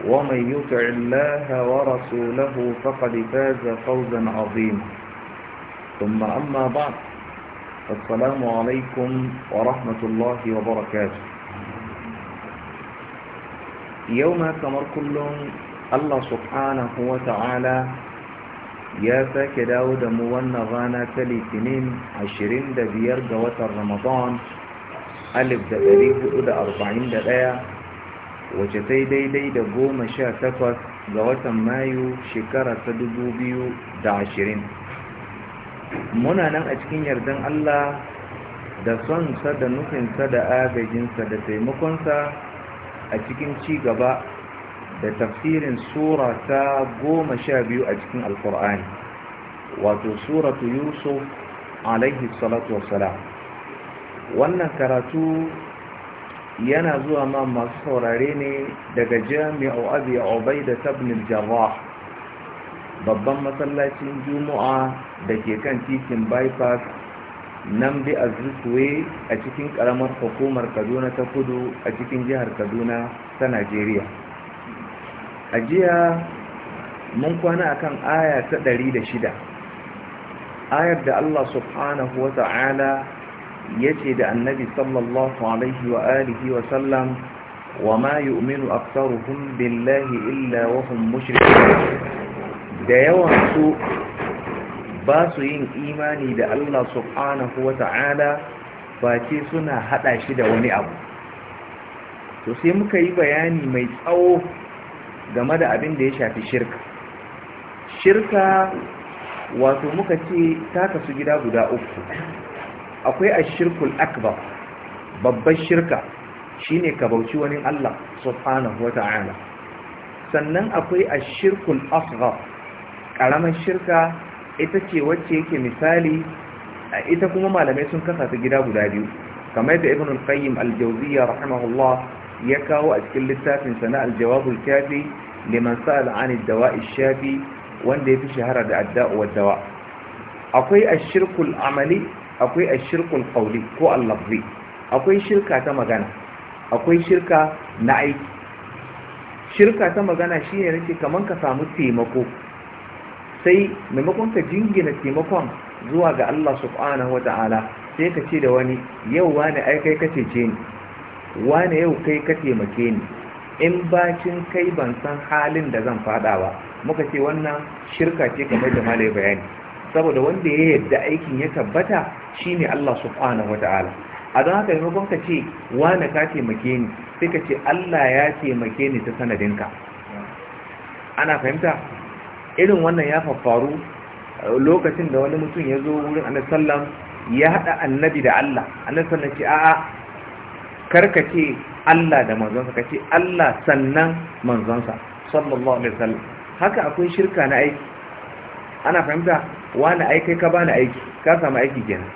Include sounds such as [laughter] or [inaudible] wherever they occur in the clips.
ومن يطع الله ورسوله فقد فاز فوزا عظيما ثم أما بعد السلام عليكم ورحمة الله وبركاته يوم كمر كل الله سبحانه وتعالى يا فاك داود موانا غانا تلي سنين عشرين دا بيار رمضان ألف دا تاريخ دا أربعين دا wace ta yi daidai da goma sha takwas ga watan mayu shekara ta dubu biyu da ashirin muna nan a cikin yardan allah da son sa da nufinsa da agajinsa da taimakonsa a cikin ci gaba da tafsirin sura ta goma sha biyu a cikin alkur'ani wato suratu yusuf alaihi salatu wassalam wannan karatu yana zuwa ma masu saurare ne daga jami'u abu ya obai da tabnil jarrah babban masallacin juma'a da ke kan titin bypass nan bi a a cikin karamar hukumar kaduna ta kudu a cikin jihar kaduna ta najeriya a jiya mun kwana akan aya ta 106 ayar da allah subhanahu wa ta'ala yace da annabi sallallahu alaihi wa alihi wa sallam wa ma yu'minu billahi illa wa hum mushrikun da yawan su ba su yin imani da Allah subhanahu wa ta'ala ce suna hada shi da wani abu to sai muka yi bayani mai tsawo game da abin da ya shafi shirka shirka wato muka ce ta kasu gida guda uku akwai ashirkul akbar babban shirka shine ka bauci wani Allah subhanahu sannan akwai ashirkul asghar karamar shirka ita ce wacce yake misali ita kuma malamai sun kasa ta gida guda biyu kamar da ibn al-qayyim al-jawziyya rahimahullah ya kawo a cikin littafin sana al-jawab al-kafi liman sa'al an ad-dawa'i shafi wanda yafi shahara da ad-da'u wad-dawa akwai ashirkul amali akwai ashirkul qawli ko al-lafzi akwai shirka ta magana akwai shirka na aiki shirka ta magana shine nake kamar ka samu taimako sai maimakon ka jingina taimakon zuwa ga Allah subhanahu wata'ala sai ka ce da wani yau wani ai kai ka cece ni wani yau kai ka taimake ni in bacin kai ban san halin da zan fada ba muka ce wannan shirka ce kamar da malai bayani saboda wanda ya yadda aikin ya tabbata shine Allah subhanahu wataala a don haka maimakon ka ce wani ka taimake ni sai ka ce Allah ya taimake ni ta sanadinka ana fahimta irin wannan ya faru uh, lokacin da wani mutum ya zo wurin annabi sallam ya hada annabi da Allah annabi sallam ce a'a karkace Allah da manzonsa kace Allah sannan manzonsa sallallahu alaihi wasallam haka akwai shirka na aiki ana fahimta wani aiki ka bani aiki ka samu aiki kenan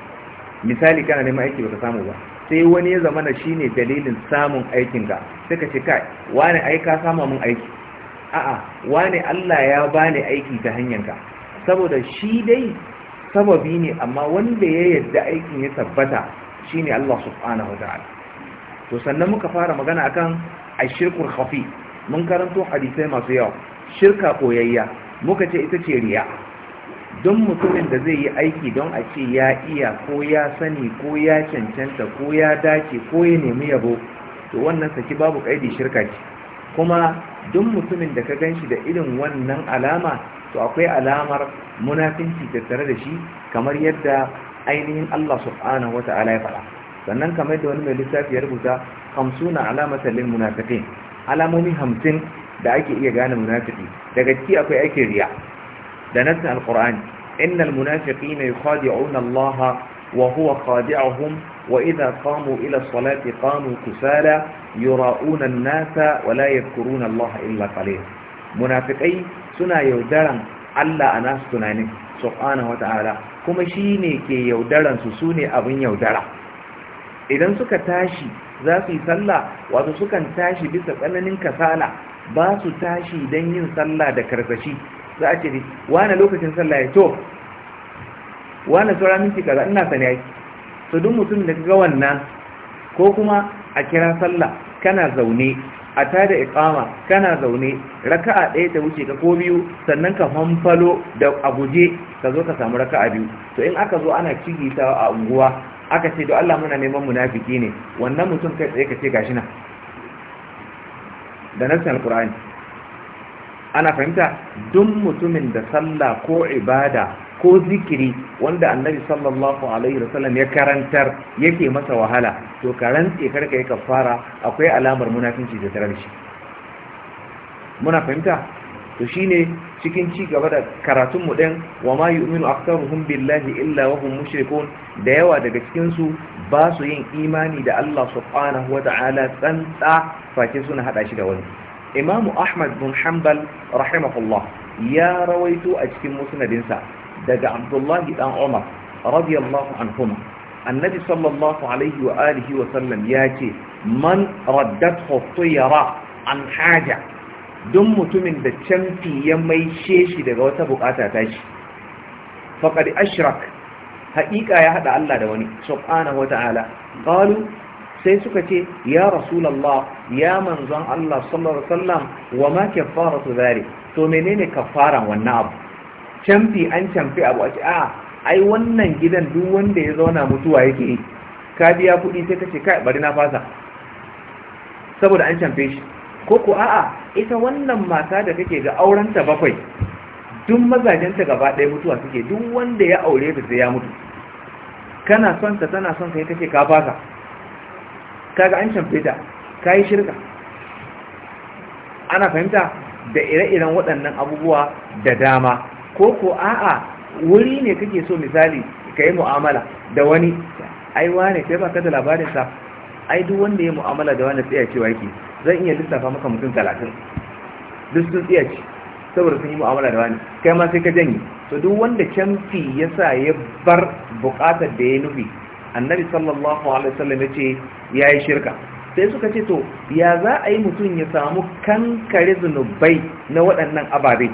misali kana neman aiki baka samu ba sai wani ya zama na shine dalilin samun aikin ka sai ka ce kai wani ai ka samu mun aiki a'a wani Allah ya bani aiki ta hanyar ka saboda shi dai sababi ne amma wanda ya yadda aikin ya tabbata shine Allah subhanahu wataala to sannan muka fara magana akan ashirkul khafi mun karanto hadisai masu yawa shirka koyayya muka ce ita ce riya don mutumin da zai yi aiki don a ce ya iya ko ya sani ko ya cancanta ko ya dace ko ya nemi yabo to wannan saki babu kaidi shirka ce kuma duk mutumin da ka gan shi da irin wannan alama to akwai alamar munafinci tare da shi kamar yadda ainihin Allah subhanahu ta'ala ya fara sannan kamar yadda wani mai lissafi ya rubuta hamsuna alama lil munafiqin alamomi hamsin da ake iya gane munafiki daga ciki akwai aikin riya da nassin alqur'ani innal munafiqina yukhadi'una Allah wa huwa khadi'uhum wa idha qamu ila as-salati qamu kusala yura'una an-nasa wa la yadhkuruna Allah illa qalila munafiqai suna yaudaran Allah a nasu tunanin subhanahu wata'ala kuma shine ke yaudaran sune abin yaudara idan suka tashi za su yi sallah wato sukan tashi bisa tsananin kasala ba su tashi don yin sallah da karsashi za a ce wane lokacin sallah ya to wane saura minti kaza ina sani ai to duk mutum da ga wannan ko kuma a kira sallah kana zaune a tada ikama kana zaune raka'a ɗaya ta wuce ka ko biyu sannan ka famfalo da abuje ka zo ka samu raka'a biyu to in aka zo ana cigitawa a unguwa aka ce to Allah muna neman munafiki ne wannan mutum kai tsaye ka ce gashi na da nasan alqur'ani ana fahimta duk mutumin da sallah ko ibada ko zikiri wanda annabi sallallahu alaihi wasallam ya karantar yake masa wahala to karantse karka yi kafara akwai alamar munafinci da tarar shi muna fahimta to shine cikin ci gaba da karatun mu din wa ma yu'minu aktharuhum billahi illa wa hum mushrikun da yawa daga cikin su ba su yin imani da Allah subhanahu wata'ala tsantsa ke suna hada shi da wani imamu ahmad bin hanbal rahimahullah ya rawaito a cikin musnadinsa daga abdullahi dan umar radiyallahu anhuma annabi sallallahu alaihi wa alihi wa sallam ya ce man raddat yara an haja duk mutumin da canfi ya maishe shi daga wata bukata ta shi faqad ashrak haƙiƙa ya hada Allah da wani subhanahu wa ta'ala qalu sai suka ce ya rasulallah ya manzon Allah sallallahu alaihi wasallam wa ma kaffaratu zari to menene kaffaran wannan abu canfi an canfi abu a ce a ai wannan gidan duk wanda ya zauna mutuwa yake ka biya kuɗi sai ka ce kai bari na fasa saboda an canfe shi ko ko a'a ita wannan mata da kake ga aurenta bakwai duk mazajenta gaba ɗaya mutuwa suke duk wanda ya aure ta sai ya mutu kana son ta tana son kai kake ka fasa kaga an canfe ta kayi shirka ana fahimta da ire-iren waɗannan abubuwa da dama ko ko a'a wuri ne kake so misali ka yi mu'amala da wani ai wane sai ka da labarinsa ai duk wanda ya mu'amala da wani tsaya cewa yake zan iya lissafa maka mutum talatin duk sun tsaya ce saboda sun yi mu'amala da wani kai ma sai ka janye to duk wanda canfi ya sa ya bar buƙatar da ya nufi annabi sallallahu alaihi wasallam yace yayi shirka sai suka ce to ya za a yi mutum ya samu kankare zunubai na waɗannan ababe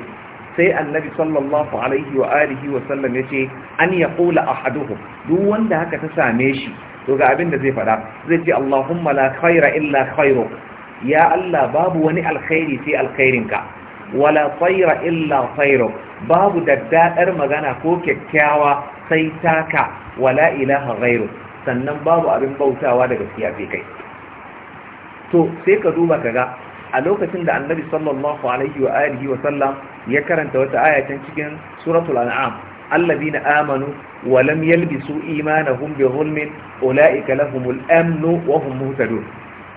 sai annabi sallallahu alaihi wa alihi wa yace an yaqula ahaduhu duk wanda haka ta same shi to ga abin da zai faɗa zai ce Allahumma la khaira illa khairuk ya Allah babu wani alkhairi sai alkhairinka wala khaira illa khairuk babu daddadar magana ko kyakkyawa sai taka wala ilaha ghairu sannan babu abin bautawa da gaskiya bai kai to sai ka duba kaga a lokacin da annabi sallallahu alaihi wa alihi wa sallam ya karanta wata aya can cikin suratul an'am alladhina amanu wa lam yalbisu imanahum bi dhulmin ulaika lahumul amn wa hum muhtadun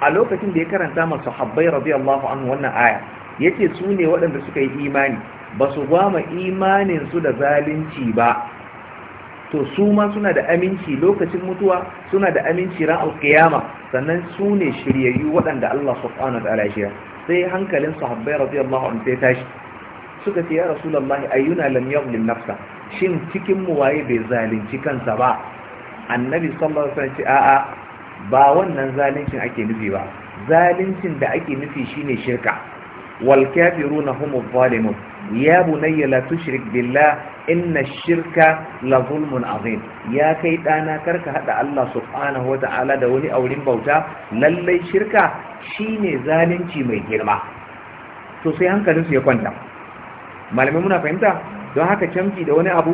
a lokacin da ya karanta ma sahabbai radiyallahu anhu wannan aya yace su ne waɗanda suka yi imani ba su gwama imanin su da zalunci ba to su ma suna da aminci lokacin mutuwa suna da aminci ran alkiyama sannan su ne shiryayyu waɗanda Allah subhanahu ta'ala ya shirya sai hankalin sahabbai radiyallahu anhu sai tashi suka ce ya rasulullahi ayyuna lam yuzlim nafsa shin cikin mu waye bai zalunci kansa ba annabi sallallahu alaihi wasallam ce a'a ba wannan zaluncin ake nufi ba zaluncin da ake nufi shine shirka wal kafiruna humu zalimun ya bunayya la tushrik billah inna shirka la zulmun azim ya kai dana karka hada Allah subhanahu wata'ala da wani aurin bauta lallai shirka shine zalunci mai girma to sai hankalin su ya kwanta malamai muna fahimta don haka camki da wani abu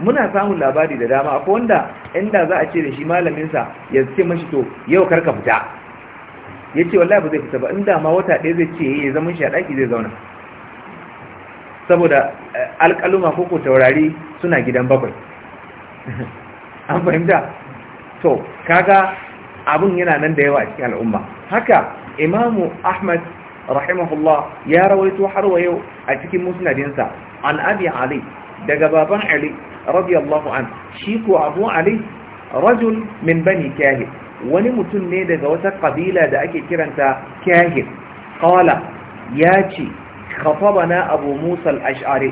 muna samun labari da dama akwai wanda inda za a ce da shi malamin sa ya ce mashi to yau karka fita yace wallahi ba zai fita ba inda ma wata ɗaya zai ce ya zaman shi a daki zai zauna saboda eh, alƙaluma ko taurari suna gidan bakwai [laughs] an fahimta to kaga abun yana nan da yawa a cikin al'umma haka imamu ahmad rahimahullah ya rawaito har wa yau a cikin musnadinsa an abi ali daga baban ali radiyallahu an shi ko abu ali rajul min bani kahir wani mutum ne daga wata kabila da ake kiranta kahir qala ya ce khatabana abu musa al-ash'ari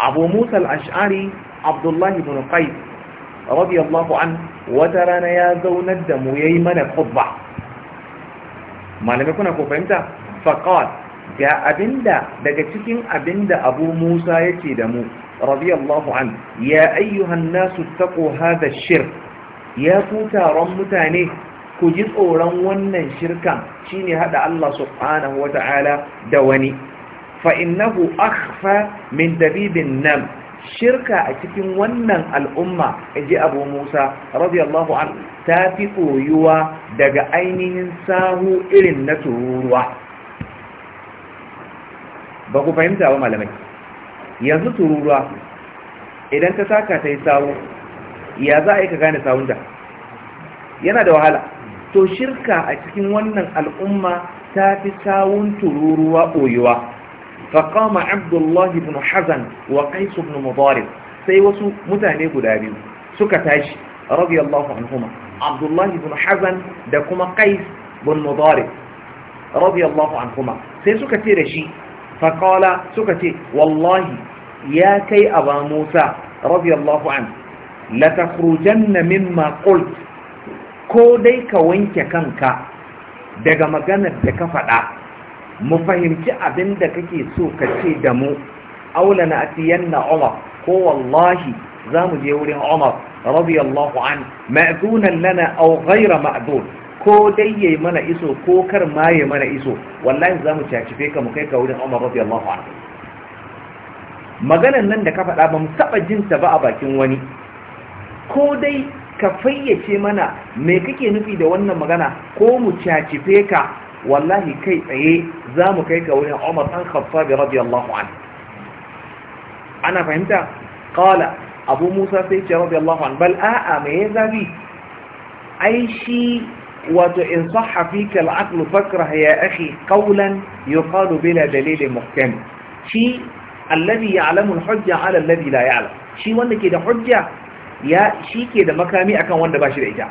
abu musa al-ash'ari abdullahi ibn qais radiyallahu wata rana ya zaunar da mu yayi mana khutba malamai kuna ko fahimta ga abinda daga cikin abinda abu musa yake da mu radiyallahu an ya ayyuhan su taqu hadha ash-shirk ya fi taron mutane ku ji tsoron wannan shirkan shine hada Allah subhanahu wata'ala da wani fa innahu akhfa min dabibin nan, shirka a cikin wannan al'umma ji Abu Musa radiyallahu anhu ta fi koyuwa daga ainihin sahu irin na tururuwa ba ku fahimta ba malamai yanzu tururuwa idan ka saka ta yi sawu ya za a yi ka gane sawunta yana da wahala to shirka a cikin wannan al'umma ta fi sawun tururuwa ɓoyewa faƙama abdullahi bin hazan wa qais ibn mubarak sai wasu mutane guda biyu suka tashi radiyallahu anhuma abdullahi bin hazan da kuma qais bin mubarak radiyallahu anhuma sai suka ce da shi faƙala suka ce wallahi ya kai aba musa radiyallahu an la takhrujanna mimma qult ko dai ka wanke kanka daga maganar da ka faɗa mu fahimci abin da kake so ka ce da mu aula na atiyan na umar ko wallahi za mu je wurin umar radiyallahu an ma'zunan lana aw ghayra ma'zun ko dai yayi mana iso ko kar ma yayi mana iso wallahi za mu cacife ka mu kai ka wurin umar radiyallahu an maganar nan da ka faɗa ba mu taɓa jinta ba a bakin wani ko dai ka fayyace mana me kake nufi da wannan magana ko mu cacife ka wallahi kai tsaye za mu kai ka wurin Umar ɗan Khattab radiyallahu an. ana fahimta kala Abu Musa sai ce radiyallahu anhu bal a'a me ya zabi ai shi wato in sahha fika al-aql fakrah ya akhi qawlan yuqalu bila dalil muhkam shi alladhi ya'lamu al-hujja 'ala alladhi la ya'lam shi wanda ke da hujja ya shi ke da makami akan wanda ba shi da ita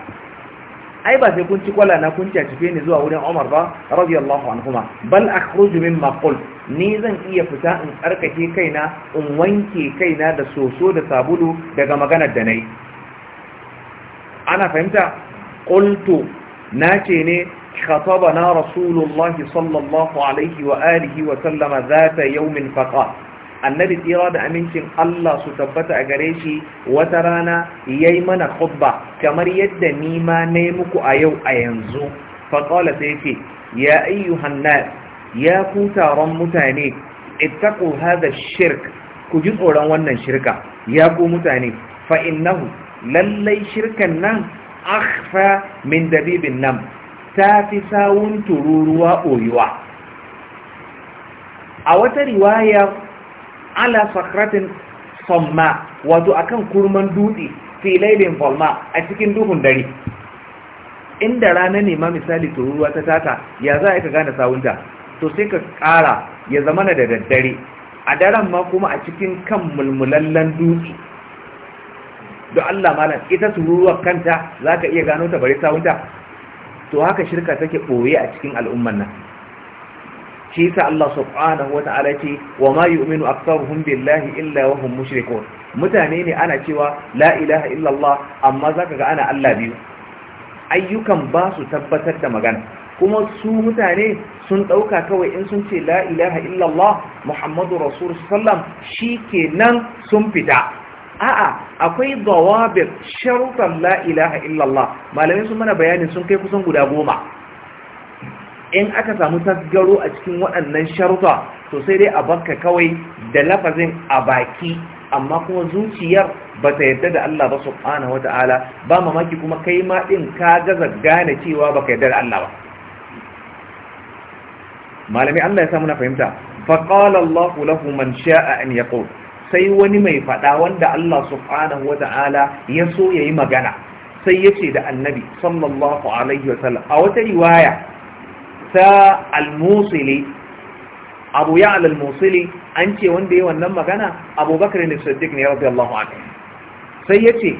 ai ba sai kun ci kwala na kun cacife ni zuwa wurin Umar ba radiyallahu anhuma bal akhruju mimma qult ni zan iya fita in tsarkake kaina in wanke kaina da soso da sabulu daga maganar da nayi ana fahimta qultu nace ne khatabana rasulullahi sallallahu alaihi wa alihi wa sallama zata yawmin faqala annabi tsira da amincin Allah su tabbata a gare shi wata rana yayi mana khutba kamar yadda ni ma yi muku a yau a yanzu Faƙola sai yace ya ayyuhan hannar ya ku taron mutane ittaqu hadha shirk ku ji tsoron wannan shirka ya ku mutane fa'innahu, lallai shirkan nan akhfa min dabibin nan ta fi sawun tururuwa ɓoyuwa a wata riwaya ala sakratin somma wato akan kurman dutse fi lailin falma a cikin duhun dare inda rana ne ma misali tururuwa ta taka ya za a ka gane sawunta to sai ka ƙara ya zama na da daddare a daren ma kuma a cikin kan mulmulallen dutse Do Allah malam ita tururuwar kanta za ka iya gano ta bari sawunta to haka shirka take ɓoye a cikin al'umman nan shi yasa Allah subhanahu wata'ala ce wa ma yu'minu aktsaruhum billahi illa wa hum mushrikun mutane ne ana cewa la ilaha illa Allah amma zaka ga ana Allah biyu ayyukan ba su tabbatar da magana kuma su mutane sun ɗauka kawai in sun ce la ilaha illallah muhammadu rasulun sallam shi ke nan sun fita a'a akwai gawabir sharutan la ilaha illallah malamai sun mana bayani sun kai kusan guda goma in aka samu tasgaro a cikin waɗannan sharuta to sai dai a banka kawai da lafazin a baki amma kuma zuciyar ba ta yarda da Allah ba subhanahu ta'ala ba mamaki kuma kai ma din ka gaza gane cewa ba ka yarda da Allah ba malami Allah ya samu na fahimta fa qala Allah lahu man sha'a an yaqul sai wani mai faɗa wanda Allah subhanahu ta'ala ya so ya yi magana sai yace da annabi sallallahu alaihi sallam, a wata riwaya Ta al-musili abu ya al-musili an ce wanda yi wannan magana abubakar ne siddiq ne radiyallahu anhu sai yace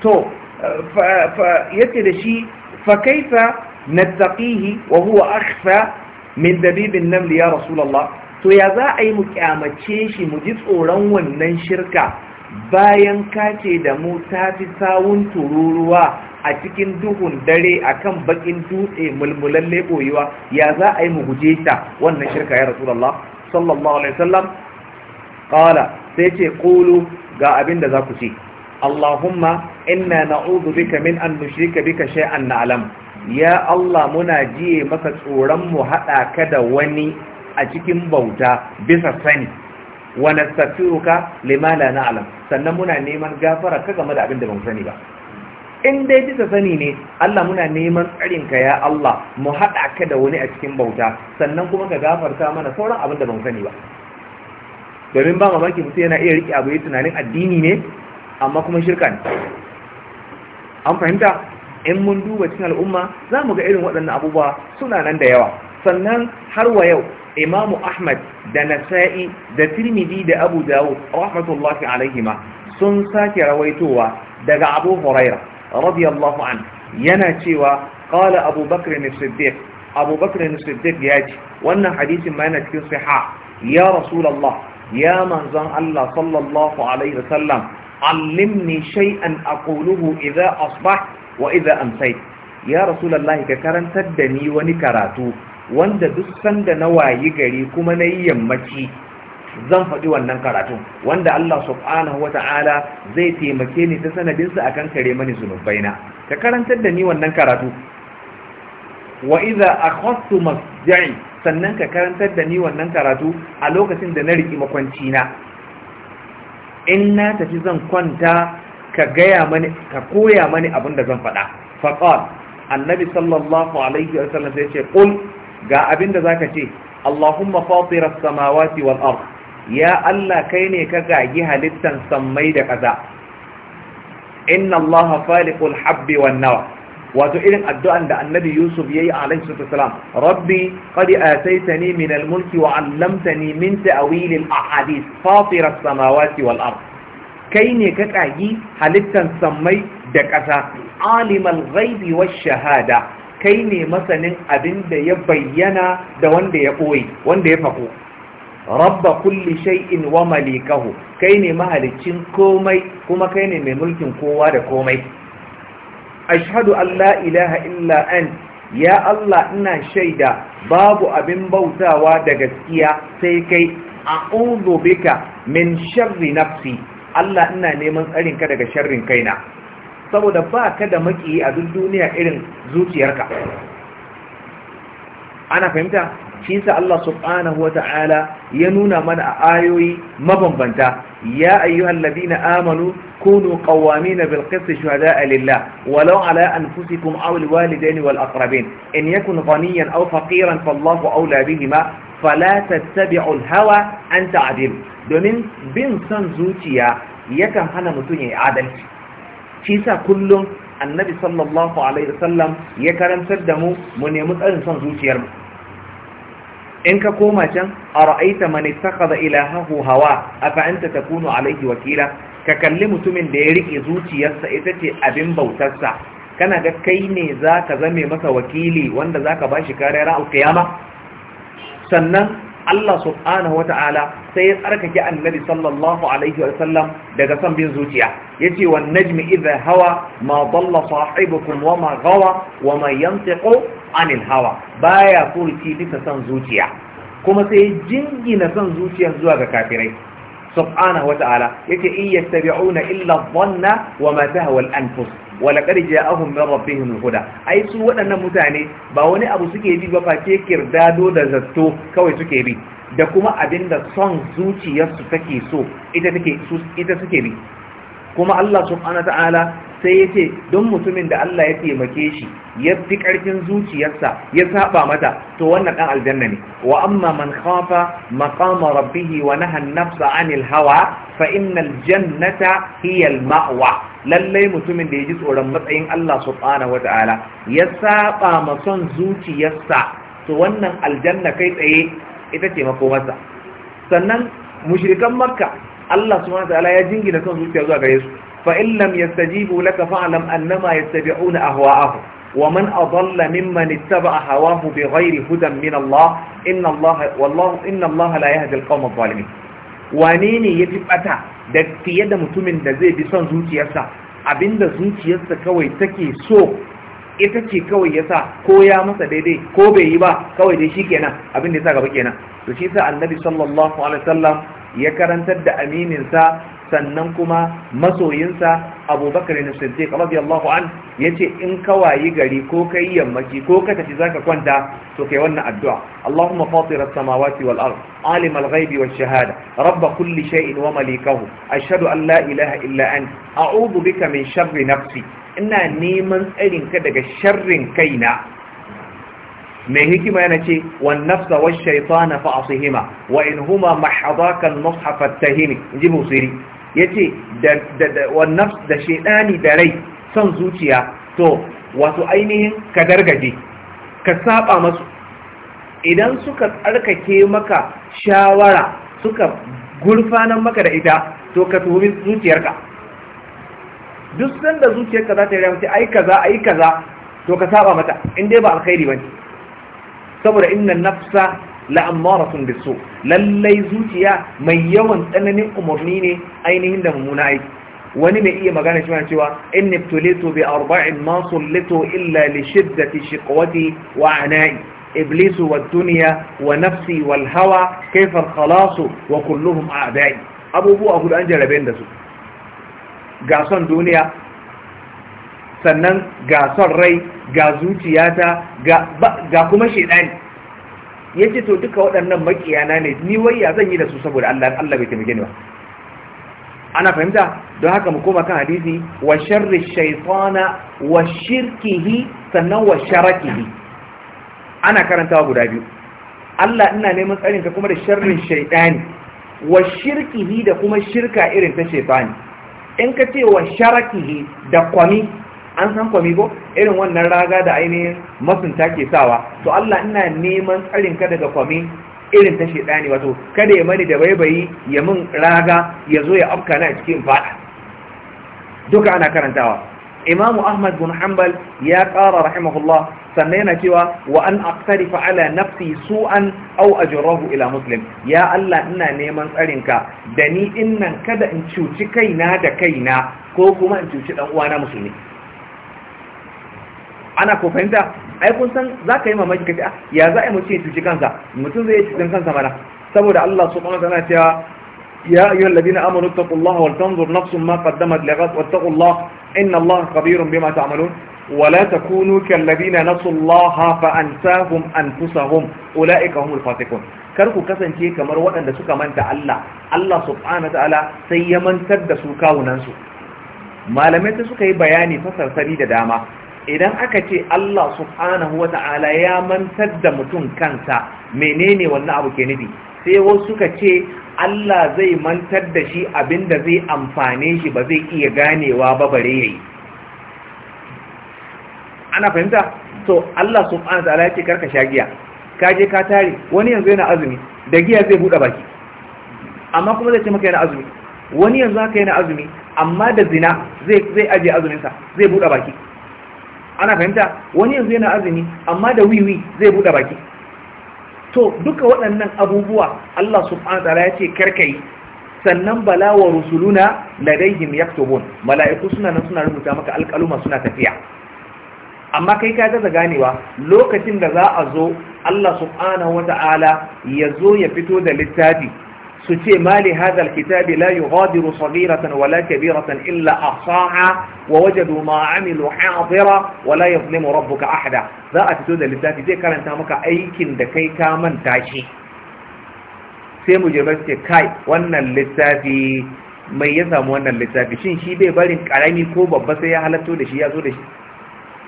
to da shi fakaifa kaifa nattaqihi wa huwa akhfa min dabibin naml ya Rasulallah?" to ya za a yi mu kyamace shi mu ji tsoron wannan shirka bayan kace da mu ta fi tururuwa a cikin duhun dare akan bakin dutse mulmulan boyewa ya za a yi mu guje ta wannan shirka ya Allah? sallallahu alaihi wasallam qala sai ce qulu ga abin da za ku ce Allahumma inna na'udhu bika min an nushrika bika shay'an na'lam ya Allah muna jiye maka tsoron mu hada ka da wani a cikin bauta bisa sani wa nastaghfiruka lima la na'lam sannan muna neman gafara ka game da abin da ban sani ba in dai bisa sani ne Allah muna neman tsarin ka ya Allah mu haɗa ka da wani a cikin bauta sannan kuma ka gafarta mana sauran abin da ban sani ba domin ba mamaki mutum yana iya riƙe abu ya tunanin addini ne amma kuma shirka ne an fahimta in mun duba cikin al'umma za mu ga irin waɗannan abubuwa suna nan da yawa sannan har wa yau imamu ahmad da nasa'i da tirmidhi da abu dawud rahmatullahi alaihima sun sake rawaitowa daga abu huraira radiyallahu yana cewa qala Abu Bakr as-Siddiq Abu Bakr ya ce wannan hadisin mana cikin siha. ya rasulullah ya manzon Allah sallallahu alaihi wasallam allimni shay'an aquluhu idza asbah wa idza amsayt ya rasulullah ka karantar da ni wani karatu wanda duk sanda na wayi gari kuma na yi yammaci zan faɗi wannan karatun wanda Allah subhanahu Ta'ala zai taimake ni ta sanadinsa akan kare mani zunubaina ka karantar da ni wannan karatu wa idza akhadtu masja'i sannan ka karantar da ni wannan karatu a lokacin da na riki makwanci na in na tafi zan kwanta ka gaya mani ka koya mani abin da zan faɗa faqal annabi sallallahu alaihi wa sallam sai ce qul ga abin da zaka ce allahumma fatiras samawati wal ardh ya Allah kai ne ka gagi halittan sammai da kaza inna Allah faliqul habbi wan nawa wato irin addu'an da annabi Yusuf yayi yi a rabbi qad ataitani min al-mulki wa 'allamtani min ta'wil al-ahadith as-samawati wal ard kai ne ka kagi halittan sammai da ƙasa alimal ghaibi wash shahada kai ne masanin abin da ya bayyana da wanda ya ɓoye wanda ya fako rabba kulli shay'in wa malikahu kai ne mahalicin komai kuma kai ne mai mulkin kowa da komai ashhadu an la ilaha illa an ya Allah ina shaida babu abin bautawa da gaskiya sai kai a'udhu bika min sharri nafsi Allah ina neman tsarin ka daga sharrin kaina saboda ba ka da maki a duk duniya irin zuciyarka ana fahimta shi sa Allah subhanahu wa ta'ala ya nuna mana a ayoyi mabambanta ya ayyuhal ladina amanu kunu qawwamina bil qist a lillah walau ala anfusikum aw liwalidayni wal aqrabin in yakun ghaniyan aw faqiran fallahu awla bihima fala tattabi'u al hawa an ta'dil domin bin son zuciya yakan hana mutum yayi adalci shi sa kullum annabi sallallahu alaihi wasallam ya karantar da mu mu nemi tsarin son zuciyarmu in ka koma can ara'aita mani ittakhadha ilahahu hawa a afa ta takunu alayhi wakila ka kalli mutumin da ya rike zuciyarsa ita ce abin bautarsa kana ga kai ne zaka zame masa wakili wanda zaka bashi kariya ra'al sannan Allah subhanahu wata'ala sai ya tsarkake annabi sallallahu alaihi wa sallam daga son bin zuciya yace wa najmi idha hawa ma dalla sahibukum wa ma gawa wa ma yantiqu anil hawa baya furuci bisa son zuciya kuma sai jingina son zuciyar zuwa ga kafirai subhanahu wata'ala yace in yattabi'una illa dhanna wa ma tahwa al-anfus wa laqad ja'ahum min rabbihim al-huda ai su waɗannan mutane ba wani abu suke bi ba face kirdado da zatto kawai suke bi da kuma abinda son zuciyarsu take so ita take ita suke bi kuma Allah subhanahu wata'ala sai ya ce don mutumin da Allah ya taimake shi ya fi ƙarfin zuciyarsa ya saba mata to wannan ɗan aljanna ne wa amma man khafa maqama rabbih wa naha an-nafsa 'anil hawa fa innal jannata hiya al-ma'wa lalle mutumin da ya ji tsoron matsayin Allah subhanahu wata'ala ya saba ma son zuciyarsa to wannan aljanna kai tsaye ita ce makomarsa sannan mushrikan makka Allah subhanahu wata'ala ya jingina son zuciya zuwa gare su فإن لم يستجيبوا لك فاعلم أنما يتبعون أهواءهم ومن أضل ممن اتبع هواه بغير هدى من الله إن الله والله إن الله لا يهدي القوم الظالمين wane ya fi bata da fiye da mutumin da zai bi son zuciyarsa abinda zuciyarsa kawai take so ita ce kawai yasa ko ya masa daidai ko bai yi ba kawai dai shikenan abinda yasa gaba kenan to shi sa annabi sallallahu alaihi wasallam ya karantar da aminin sa sannan kuma masoyinsa abubakar na siddiq radiyallahu an ce in ka gari ko yi yammaci ko ka tafi zaka kwanta to kai wannan addu'a Allahumma fatir samawati wal ard alim al-ghaib wash shahada Rabba kulli shay'in wa malikahu ashhadu an la ilaha illa an. a'udhu bika min sharri nafsi ina neman tsarin ka daga sharrin kaina mai hikima yana ce wan nafsa wash shaytana fa asihima wa in huma mahadaka al-mushaf at-tahini yace da da wannan da shedani da rai son zuciya to wato ainihin ka dargaje ka saba masu idan suka tsarkake maka shawara suka gurfanan maka da ita to ka tuhumi zuciyarka duk sanda zuciyarka za ta yi ramsi ai kaza ai kaza to ka saba mata in dai ba alkhairi bane saboda inna nafsa la'ammaratun bisu lallai zuciya mai yawan tsananin umarni ne ainihin da mummuna ai wani mai iya magana shi cewa in niftulitu bi arba'in ma sullitu illa li shiddati shiqwati wa ana'i iblisu wa duniya wa nafsi wal hawa kayfa al khalasu wa kulluhum a'da'i abubuwa guda an jarabe da su ga son duniya sannan ga son rai ga zuciyata ga kuma shedani ya ce to duka waɗannan makiyana ne ni wayya zan yi da su saboda Allah Allah bai taimake ni ba ana fahimta don haka mu koma kan hadisi wa sharri shaytana wa shirkihi sannan wa sharakihi ana karantawa guda biyu Allah ina neman tsarin ka kuma da sharrin shaytani wa shirkihi da kuma shirka irin ta shaytani in ka ce wa sharakihi da kwami an san kwami ko irin wannan raga da ainihin masunta ke sawa to Allah ina neman tsarin ka daga kwami irin ta shedani wato kada ya mani da baibayi ya mun raga ya zo ya afka na cikin fada duka ana karantawa imamu ahmad bin hanbal ya kara rahimahullah sannan yana cewa wa an aqtarifa ala nafsi su'an aw ajrahu ila muslim ya Allah ina neman tsarinka da ni dinnan kada in cuci kaina da kaina ko kuma in cuci dan uwana musulmi ana kofahimta ai kun san za ka yi mamaki kace ah, ya za a yi mutum ya cuci kansa mutum zai yi cikin kansa mana saboda allah su kwanata na cewa ya ayyuhal ladina amanu taqullaha wal tanzur nafsun ma qaddamat li ghad wa taqullah inna allaha khabirun bima ta'malun wa la takunu kal ladina nasu allaha fa ansahum anfusahum ulaika humul fatiqun kar ku kasance kamar waɗanda suka manta allah allah subhanahu sai ya mantar da su kawunan su malamai suka yi bayani fasar sani da dama idan aka ce Allah subhanahu wa ta'ala ya mantar da mutum kansa menene wannan abu ke nufi sai wasu suka ce Allah zai mantar da shi abinda zai amfane shi ba zai iya ganewa ba bare yayi ana fahimta to Allah subhanahu wa ta'ala ya ce karka sha giya ka je ka tare wani yanzu yana azumi da giya zai bude baki amma kuma zai ce maka yana azumi wani yanzu haka yana azumi amma da zina zai zai aje azuminsa zai bude baki ana fahimta wani yanzu yana azumi amma da wiwi zai buɗe baki to duka waɗannan abubuwa Allah subhanahu ta'ala ya ce karkai sannan bala wa rusuluna ladaihim yaktubun mala'iku suna nan suna rubuta maka alƙaluma suna tafiya amma kai ka ga ganewa lokacin da za a zo Allah subhanahu wata'ala ya zo ya fito da littafi su ce mali hadal kitabi la yughadiru saghiratan wala kabiratan illa ahsaha wa wajadu ma amilu hadira wala yuzlimu rabbuka ahada za a fito da littafi zai karanta maka aikin da kai ka manta shi sai mu je ce kai wannan littafi mai ya samu wannan littafi shin shi bai barin karami ko babba sai ya halatto da shi ya zo da shi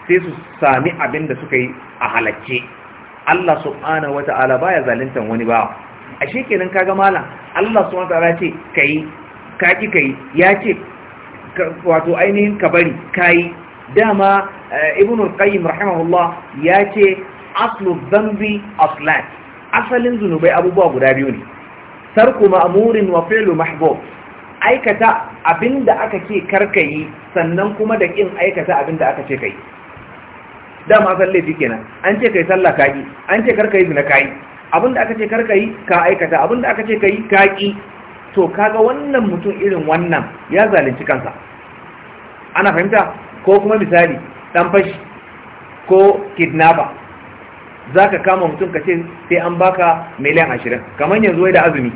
sai su sami abin da suka yi a halacce Allah subhanahu wata'ala baya zaluntar wani ba ashe kenan kaga malam Allah subhanahu ta'ala ce kai kaki kai ya ce wato ainihin ka bari kai dama eh, ibn al-qayyim rahimahullah ya ce aslu dhanbi aslat asalin zunubai abubuwa guda biyu ne sarku ma'murin wa fi'lu mahbub aikata abinda aka ce karkayi sannan kuma da kin aikata abinda aka ce kai dama san laifi kenan an ce kai sallah kai an ce karkayi zina kai abinda aka ce karka yi ka aikata abinda aka ce ka yi ka ki to kaga wannan mutum irin wannan ya zalunci kansa ana fahimta ko kuma misali ɗan fashi ko kidnapper za ka kama mutum ka ce sai an baka miliyan ashirin kamar yanzu wai da azumi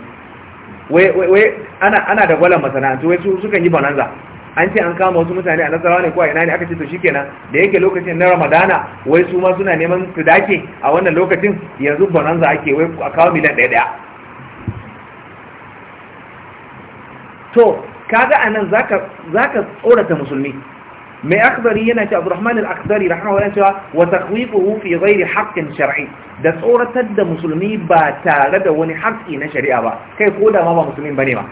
wai ana da gwalan masana'antu wai su kan yi bananza. an ce an kama wasu mutane a nasarawa ne ko a ina ne aka ce to shikenan da yake lokacin na ramadana wai su ma suna neman su dace a wannan lokacin yanzu bonanza ake wai a kawo miliyan ɗaya ɗaya to kaga anan zaka ka tsorata musulmi mai akbari yana ce abdurrahman al-akbari rahimahu yana cewa wa takhwifuhu fi ghairi haqqin shar'i da tsoratar da musulmi ba tare da wani haƙƙi na shari'a ba kai ko da ma ba musulmin bane ba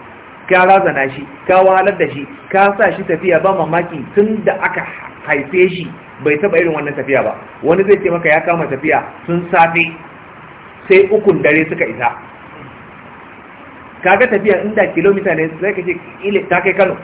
ka razana shi ka wahalar da shi ka sa shi tafiya ba mamaki tun da aka haife shi bai taba irin wannan tafiya ba wani zai ce maka ya kama tafiya sun safe sai ukun dare suka isa kaga tafiya inda kilomita ne sai ka ce ile ta kai Kano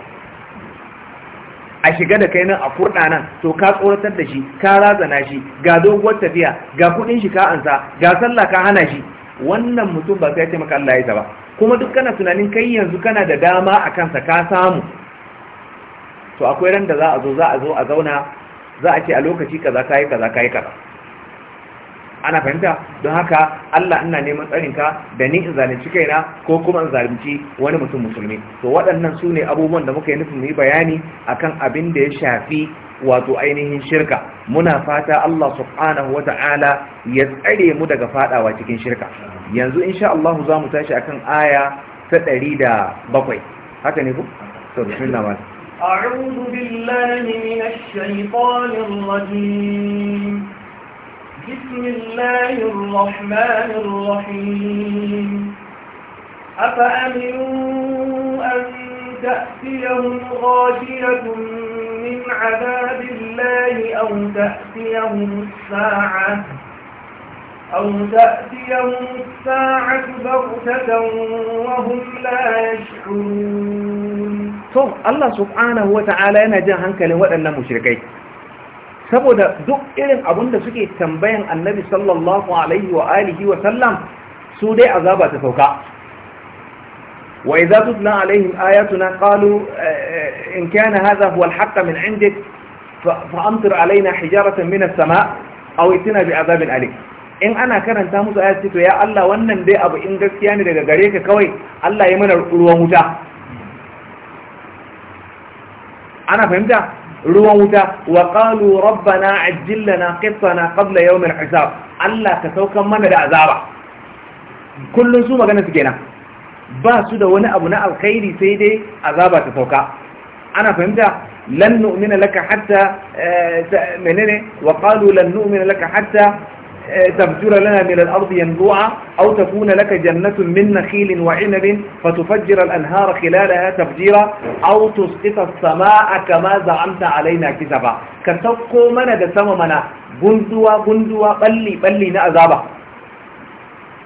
a shiga da kai nan a kurɗa nan to ka tsoratar da shi ka razana shi ga doguwar tafiya ga kuɗin shi ka ansa ga sallah ka hana shi wannan mutum ba sai ya ce maka Allah ya ba kuma duk kana tunanin kai yanzu kana da dama a kansa ka samu to akwai ran da za a zo za a zo a zauna za a ce a lokaci kaza kai kaza kai kaza ana fahimta don haka Allah ina neman tsarinka da ni in zalunci kaina ko kuma in zalunci wani mutum musulmi to waɗannan su ne abubuwan da muka yi nufin mu yi bayani akan abin da ya shafi wato ainihin shirka muna fata Allah subhanahu wata'ala ya tsare mu daga fadawa cikin shirka yanzu insha Allah za mu tashi akan aya ta 107 haka ne ku to bismillah ma أعوذ بالله من الشيطان الرجيم بسم الله الرحمن الرحيم أفأمنوا أن تأتيهم غاشية من عذاب الله أو تأتيهم الساعة أو تأتيهم الساعة بغتة وهم لا يشعرون to Allah subhanahu wa ta'ala yana jin hankalin waɗannan mushrikai saboda duk irin abin da suke tambayan annabi sallallahu alaihi wa alihi wa sallam su dai azaba ta sauka wa idza tutla alaihim ayatuna qalu in kana hadha huwa al-haqq min 'indik fa amtir alaina hijaratan min as-sama' aw itina bi 'adabin alim in ana karanta musu ayat ce to ya Allah wannan dai abu in gaskiya ne daga gare ka kawai Allah ya mana ruwan wuta ana fahimta ruwan wuta wa qalu rabbana ajjil lana qitana qabla yawm al-hisab Allah ka saukan mana da azaba kullun su magana su kenan ba su da wani abu na alkhairi sai dai azaba ta sauka ana fahimta lan nu'mina laka hatta eh, menene wa qalu lan nu'mina laka hatta تفجر لنا من الأرض ينبوعا أو تكون لك جنة من نخيل وعنب فتفجر الأنهار خلالها تفجيرا أو تسقط السماء كما زعمت علينا كسبا كتبقو منا دسم منا بندوا بندوا بلي بلي نأذابا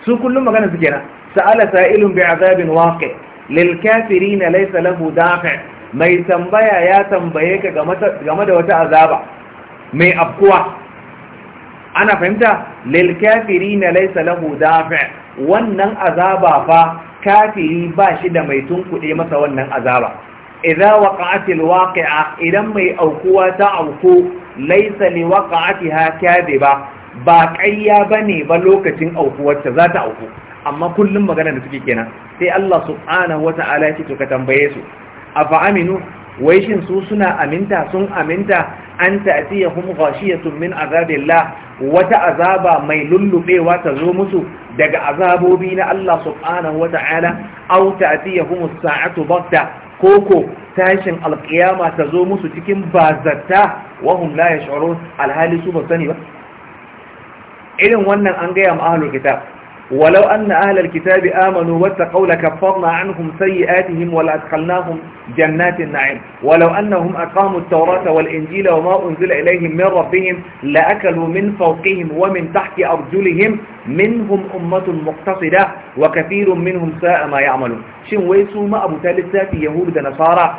سو كل ما كان سكينا سأل سائل بعذاب واقع للكافرين ليس له دافع ما tambaya يا تنبيك جمد وتأذابا ما يأبقوا ana fahimta lil na laysa lahu dafi' wannan azaba fa kafiri ba shi da mai tunkuɗe masa wannan azaba idza waqa'atil waqi'a idan mai aukuwa ta auku laysa li waqa'atiha kadhiba ba ƙarya bane ba lokacin aukuwarta za ta auku amma kullum magana da suke kenan sai Allah subhanahu wata'ala ya ce to ka tambaye su afa aminu wai shin su suna aminta sun aminta an ta'tiyahum ghashiyatun min azabillah wata azaba mai lullubewa ta zo musu daga azabobi na Allah subhanahu wata'ala aw ta'tiyahum as-sa'atu baghta koko tashin alkiyama ta zo musu cikin bazatta wahum la yash'urun alhali su ba sani ba irin wannan an ga ya ahlul kitab ولو أن أهل الكتاب آمنوا واتقوا لكفرنا عنهم سيئاتهم ولأدخلناهم جنات النعيم ولو أنهم أقاموا التوراة والإنجيل وما أنزل إليهم من ربهم لأكلوا من فوقهم ومن تحت أرجلهم منهم أمة مقتصدة وكثير منهم ساء ما يعملون شن ويسو ما أبو تالي السافي يهود نصارى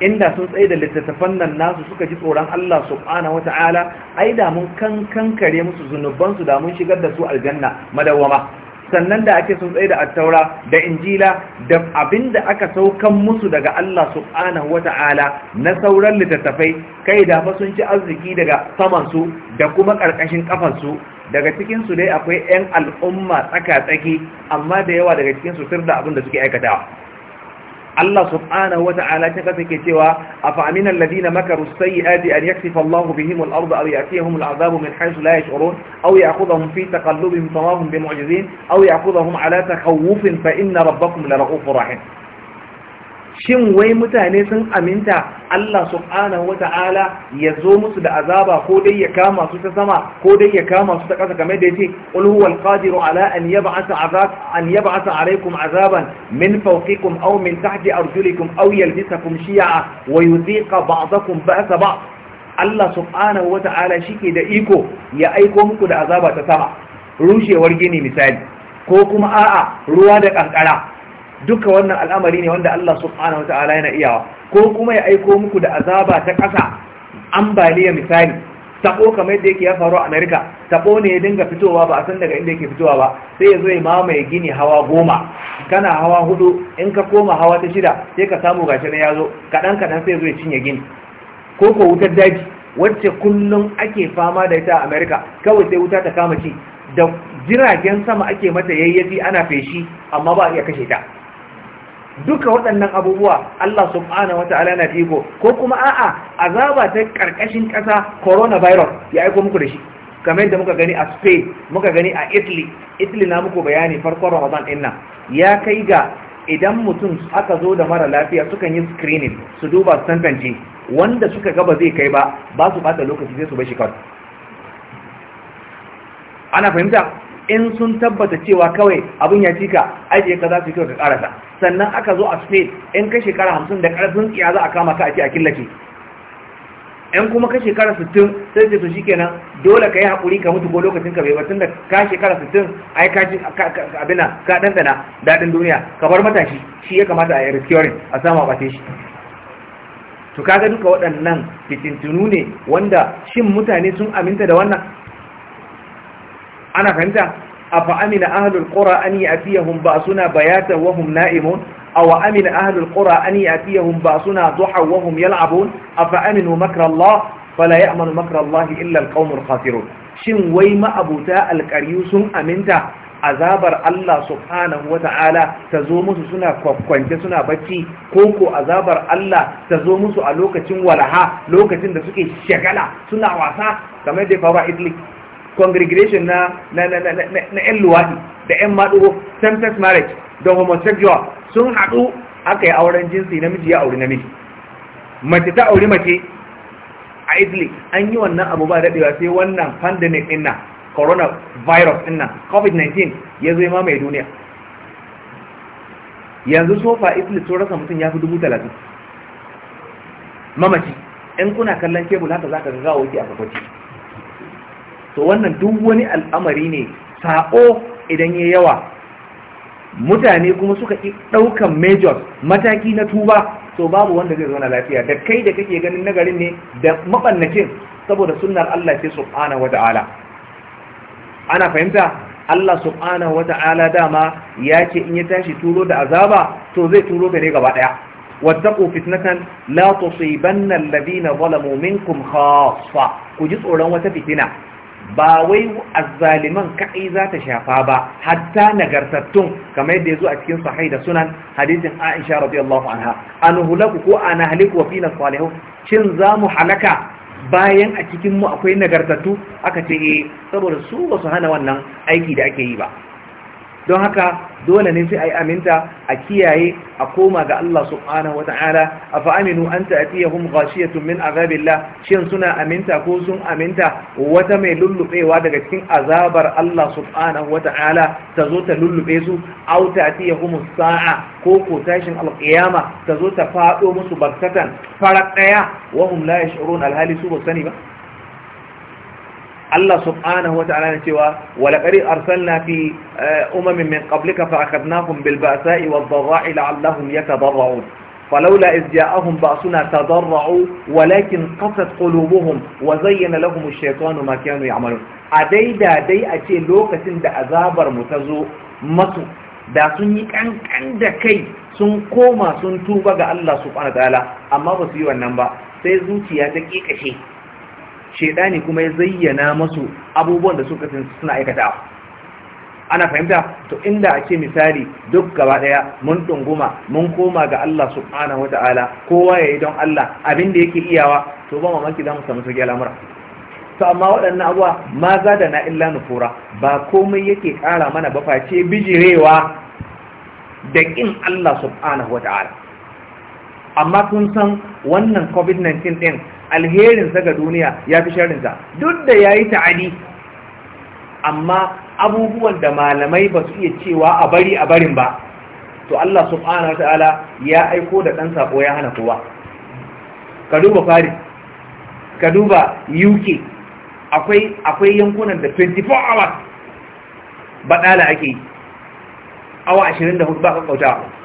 inda sun tsaye da littattafan nan nasu suka ji tsoron Allah subhanahu wata'ala ai da mun kankankare musu zunubansu da mun shigar da su aljanna madawwama sannan da ake sun tsaye da attaura da injila da abinda aka saukan musu daga Allah subhanahu wata'ala na sauran littattafai kai da fa sun ci arziki daga saman su da kuma karkashin kafan su daga cikin su dai akwai 'yan al'umma tsaka tsaki amma da yawa daga cikin su sirda abin da suke aikatawa Allah subhanahu wa ta'ala ta kasa ke cewa a fa'aminan ladina makaru sayyi'ati an yaksifa Allahu bihim al-ardh aw ya'tiyahum al-'adhabu min haythu la yash'urun aw ya'khudhahum fi taqallubihim fa ma hum bimu'jizin aw ya'khudhahum 'ala takhawufin fa inna rabbakum la ra'ufur rahim shin wai mutane sun aminta Allah subhanahu wata'ala ya zo musu da azaba ko dai ya kama su ta sama ko dai ya kama su ta ƙasa game da yake qul huwal ala an yab'atha azab an yab'atha alaykum azaban min fawqikum aw min tahti arjulikum aw yalbisakum shi'a wa yudhiqa ba'dakum ba'sa ba? Allah subhanahu wata'ala shike da iko ya aiko muku da azaba ta sama rushewar gini misali ko kuma a'a ruwa da kankara duka wannan al'amari ne wanda Allah subhanahu wata'ala yana iyawa ko kuma ya aiko muku da azaba ta ƙasa ambaliya misali tabo kamar yadda yake ya faru a Amerika tabo ne ya dinga fitowa ba a san daga inda yake fitowa ba sai ya zo ya mamaye gini hawa goma kana hawa hudu in ka koma hawa ta shida sai ka samu gashi na yazo kadan kadan sai ya zo ya cinye gini ko ko wutar daji wacce kullum ake fama da ita a Amerika kawai sai wuta ta kama ci da jiragen sama ake mata yayyafi ana feshi amma ba a iya kashe ta duka waɗannan abubuwa Allah subhana wa ta'ala na iko ko kuma a'a azaba ta karkashin ƙasa coronavirus ya aiko muku da shi kamar yadda muka gani a Spain muka gani a Italy Italy na muku bayani farkon Ramadan din nan ya kai ga idan mutum aka zo da mara lafiya sukan yi screening su duba su tantance wanda suka ga ba zai kai ba ba su bata lokaci sai su bar shi kawai ana fahimta in sun tabbata cewa kawai abin ya cika ajiye ka za su kyau ka karasa sannan aka zo a spain in ka shekara hamsin da karfin tsiya za a kama ka a ce a killace in kuma ka shekara sittin sai ce shi kenan, dole ka yi haƙuri ka mutu ko lokacin ka bai ba tunda ka shekara sittin ai ka abina ka ɗanɗana daɗin duniya ka bar matashi shi ya kamata a yi riskiyorin a sama ɓace shi to kaga duka waɗannan fitintunu ne wanda shin mutane sun aminta da wannan ana fahimta afa amina ahlul qura an yatiyahum ba'suna bayatan wa hum na'imun aw amina ahlul qura an yatiyahum ba'suna duha wa hum yal'abun afa aminu makra fala ya'manu makra Allah illa alqaumul khasirun shin wai ma'abuta alqariyu sun aminta azabar Allah subhanahu wata'ala ta zo musu suna kwakwance suna bacci ko ko azabar Allah ta zo musu a lokacin walaha lokacin da suke shagala suna wasa kamar da faru a congregation na na na na yan luwaɗi da yan maɗugo same-sex marriage da homosexual sun haɗu aka yi auren jinsi namiji ya auri namiji mace ta auri mace a italy an yi wannan abu ba daɗewa sai wannan pandemic ɗin corona virus ɗin nan covid-19 ya zai mamaye duniya yanzu sofa italy sun rasa mutum ya fi dubu talatin mamaci in kuna kallon kebul haka za ka gawo ki a kakwaci to wannan duk wani al'amari ne sa'o idan ya yawa mutane kuma suka ki ɗaukan Majors mataki na tuba to babu wanda zai zauna lafiya da kai da kake ganin nagarin ne da mabannacin saboda sunnar Allah ce subhanahu wata'ala ana fahimta Allah subhanahu wata'ala dama ya ce in ya tashi turo da azaba to zai turo da ne gaba daya wattaqu fitnatan la tusibanna alladhina zalamu minkum khassa ku ji tsoron wata fitina ba wai azzaliman ka'ai za ta shafa ba hatta nagartattun kamar yadda ya zo a cikin sahai da sunan hadisin aisha radiyallahu anha an hulaku ko an haliku wa fina shin za mu halaka bayan a cikin mu akwai nagartattu aka ce eh saboda su ba su hana wannan aiki da ake yi ba don haka dole ne sai a yi aminta a kiyaye a koma ga Allah subhanahu wa a fa'aminu an ta'atiyahum ghashiyatun min azabillah shin suna aminta ko sun aminta wata mai lullubewa daga cikin azabar Allah subhanahu wa ta zo ta lullube su aw ta'atiyahum sa'a ko ko tashin alqiyama ta zo ta faɗo musu barkatan fara ɗaya? wa hum ya yash'urun alhali su ba sani ba Allah subhanahu wata'ala ne cewa walakari arsalna fi eh, umamin min qablika fa akadnahum bil ba'sa'i wa dharra'i la'allahum yatadarra'un falawla idh ja'ahum ba'suna tadarra'u walakin qasat qulubuhum wa zayyana lahum ash-shaytanu ma kanu ya'malun adai da dai a ce lokacin da azabar mu zo masu da sun yi kankan da kai sun koma sun tuba ga Allah subhanahu wata'ala amma ba su yi wannan ba sai zuciya ta kikashe shaidani kuma ya zayyana masu abubuwan da suka suna aikata ana fahimta to inda ake misali duk gaba daya mun dunguma mun koma ga Allah subhanahu wataala kowa yayi don Allah abin da yake iyawa to ba maki za mu samu sauki al'amura to amma waɗannan abuwa ma za da na illa nufura ba komai yake kara mana ba face bijirewa da kin Allah subhanahu wataala amma kun san wannan covid-19 din alherinsa ga duniya ya fi sharinsa duk da ya yi ta'adi amma abubuwan da malamai ba su iya cewa a bari a barin ba to Allah subhanahu wataala ya aiko da ɗan sako ya hana kowa ka duba Paris ka duba UK akwai akwai yankunan da 24 hours badala ake yi, awa 24 ba ka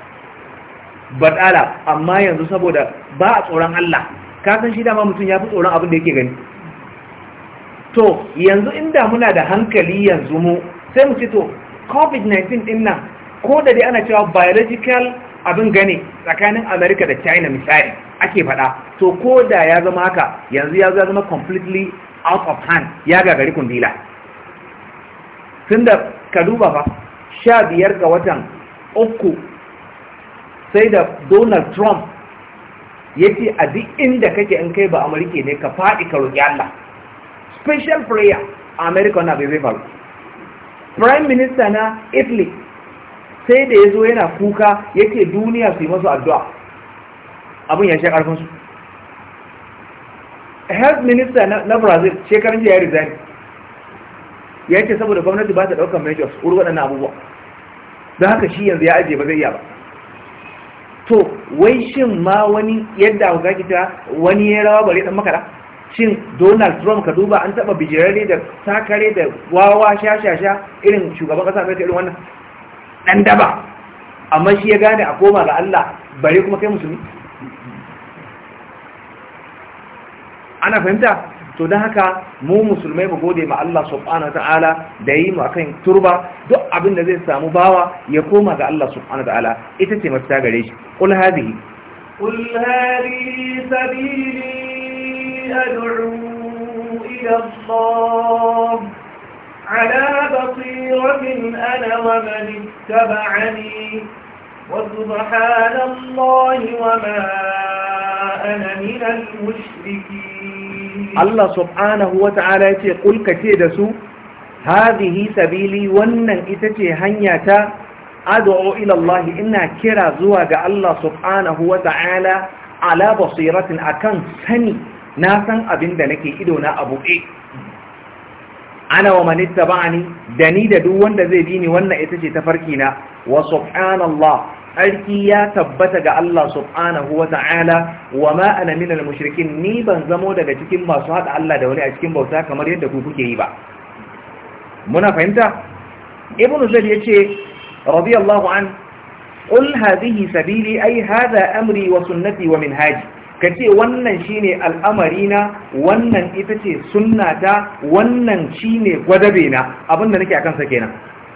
batala amma yanzu saboda ba a tsoron Allah kasan shi dama mutum ya fi tsoron abin da yake gani to yanzu inda muna da hankali yanzu mu sai mu ce to covid-19 din nan ko da dai ana cewa biological abin gane tsakanin america da china misali ake faɗa to ko da ya zama haka yanzu ya zama completely out of hand ya gagari kundila tunda ka duba fa sha biyar ga watan uku sai da donald trump ya ce a duk inda kake in kai ba amurke ne ka faɗi ka roƙi allah special prayer a america na bai faru prime minister na italy sai da ya zo yana kuka ya ce duniya su yi masu addu'a abin ya sha ƙarfinsu health minister na brazil shekarun jiya ya resign ya ce saboda gwamnati ba ta ɗaukar majors wuri waɗannan abubuwa don haka shi yanzu ya ajiye ba zai iya ba to wai shin ma wani yadda ku zaki ta wani ya rawa bare dan makara shin donald trump ka duba an taba bijirare da sakare da wawa shashasha irin shugaban kasa amerika irin wannan dan daba amma shi ya gane a koma ga allah bare kuma kai musulmi ana fahimta to da haka mu musulmai mu gode ma Allah subhanahu ta'ala da yi mu akan turba duk abin da zai samu bawa ya koma ga Allah subhanahu ta'ala ita ce mafita gare shi qul hadhihi qul hadhihi sabili ad'u ila Allah ala basiratin ana wa man ittaba'ani wa subhanallahi wa ma ana min mushrikeen Allah subhanahu wa ta'ala ya ce kulkace da su hadhihi sabili wannan ita ce hanya ta ad'u ila ina kira zuwa ga Allah subhanahu wa ta'ala ala basiratin kan sani na san abin da nake ido na abu e ana wa ba'ani. Da ni da duk wanda zai bi ni wannan ita ce farki na wa subhanallah tsarki ya tabbata ga Allah subhanahu wa ta'ala wa ma ana minal ni ban zamo daga cikin masu haɗa Allah da wani a cikin bauta kamar yadda ku kuke yi ba muna fahimta ibnu zaid yace radiyallahu an qul hadhihi sabili ay hada amri wa sunnati wa minhaji kace wannan shine al'amari na wannan ita ce sunnata wannan shine gwadabe na abinda nake akan sa kenan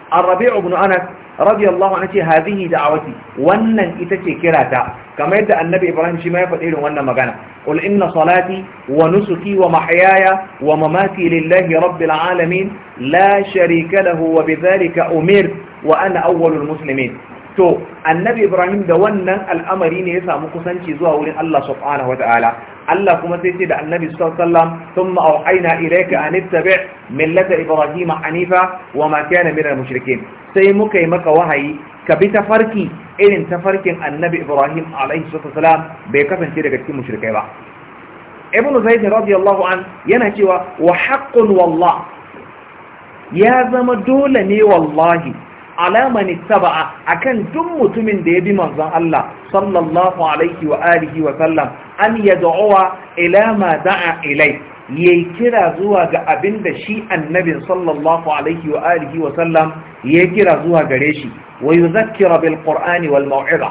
arabi ibn anas رضي الله عنه هذه دعوتي ونن إتكي كراتا كما يدى النبي إبراهيم شما يفضل ونن مغانا قل إن صلاتي ونسكي ومحياي ومماتي لله رب العالمين لا شريك له وبذلك أمير وأنا أول المسلمين to annabi ibrahim da wannan al'amari ne ya samu kusanci zuwa wurin Allah subhanahu wataala Allah kuma sai ce da annabi sallallahu alaihi wasallam thumma auhayna ilayka an ittabi' millata ibrahim hanifa wa ma kana minal mushrikeen sai muka yi maka wahayi ka bi tafarki irin tafarkin annabi ibrahim alaihi wasallam bai kasance daga cikin mushrikai ba ibn zayd radiyallahu an yana cewa wa haqqun wallah ya zama dole ne wallahi alamani saba'a akan duk mutumin da ya bi manzon Allah sallallahu alaihi wa alihi wa sallam an yad'uwa ila ma da'a ilai yayi kira zuwa ga abinda shi annabin sallallahu alaihi wa alihi wa sallam yayi kira zuwa gare shi wa yuzakkira bil qur'ani wal mau'iza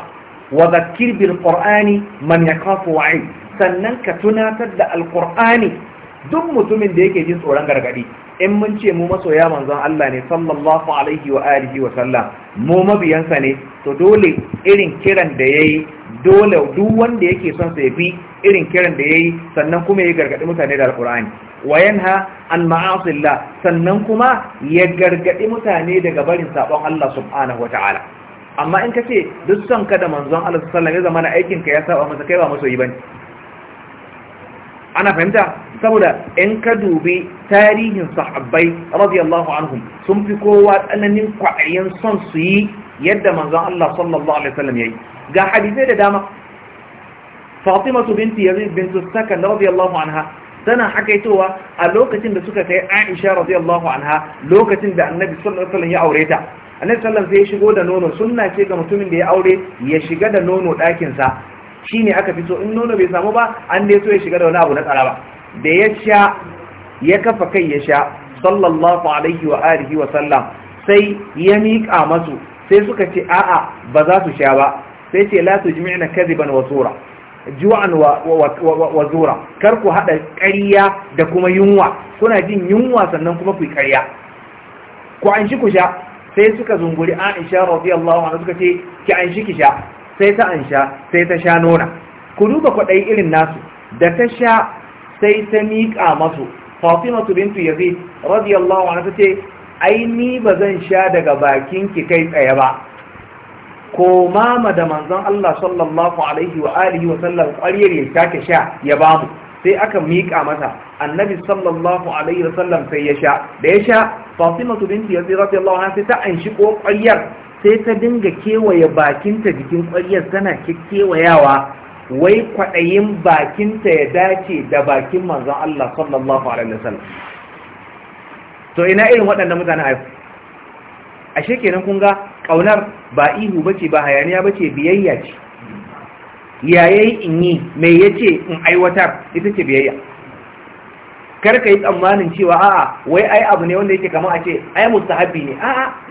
wa dhakkir bil qur'ani man yakhafu wa'id sannan ka tunatar da alqur'ani duk mutumin da yake jin tsoron gargadi in mun ce mu masoya manzon Allah ne sallallahu alaihi wa alihi wa sallam mu mabiyansa ne to dole irin kiran da yayi dole duk wanda yake son sa yafi irin kiran da yayi sannan kuma ya gargadi mutane da alqur'ani wa yanha an ma'asillah sannan kuma ya gargadi mutane daga barin sabon Allah subhanahu wa ta'ala amma in kace duk son ka da manzon Allah sallallahu alaihi wa sallam ya zama na aikin ka ya saba masa kai ba masoyi bane ana fahimta saboda in ka dubi tarihin sahabbai radiyallahu anhum sun fi kowa tsananin kwa'ayin son su yi yadda manzon Allah sallallahu alaihi wasallam yayi ga hadisai da dama Fatima binti Yazid bint Sakan radiyallahu anha tana hakaitowa a lokacin da suka kai Aisha radiyallahu anha lokacin da Annabi sallallahu alaihi wasallam ya aure ta annabi sallallahu alaihi wasallam sai ya shigo da nono sunna ce ga mutumin da ya aure ya shiga da nono ɗakin sa ne aka fito in nono bai samu ba an dai so ya shiga da wani abu na tsara ba da ya sha ya kafa kai ya sha sallallahu alaihi wa alihi wa sallam sai ya miƙa masu sai suka ce a'a ba za su sha ba sai ce la tujmi'na kadhiban wa sura Juwan wa zura kar ku haɗa ƙarya da kuma yunwa kuna jin yunwa sannan kuma ku yi ƙarya ku an shi ku sha sai suka zunguri Aisha Allah, anha suka ce ki an shi ki sha sai ta ansha sai ta sha nona ku duba kwaɗayi irin nasu da ta sha sai ta miƙa masu fatimatu bintu yazid radiyallahu anha tace ai ni ba zan sha daga bakin ki kai tsaye ba ko mama da manzon Allah sallallahu alaihi wa alihi wa sallam ƙwariyar ya take sha ya bamu sai aka miƙa mata annabi sallallahu alaihi wa sallam sai ya sha da ya sha fatimatu bintu yazid radiyallahu anha sai ta anshi ko ƙwariyar sai ta dinga kewaye bakinta jikin ƙwaryar tana kewayawa wai kwaɗayin bakinta ya dace da bakin manzan Allah sallallahu alaihi wasallam to ina irin waɗannan mutane a ashe kenan kun ga ƙaunar ba ihu ba ce, ba hayaniya ba ce, biyayya ce yayayi in yi mai yace in aiwatar ita ce biyayya kar ka yi tsammanin cewa a'a wai ai abu ne wanda yake kama a ce ai mustahabi ne a'a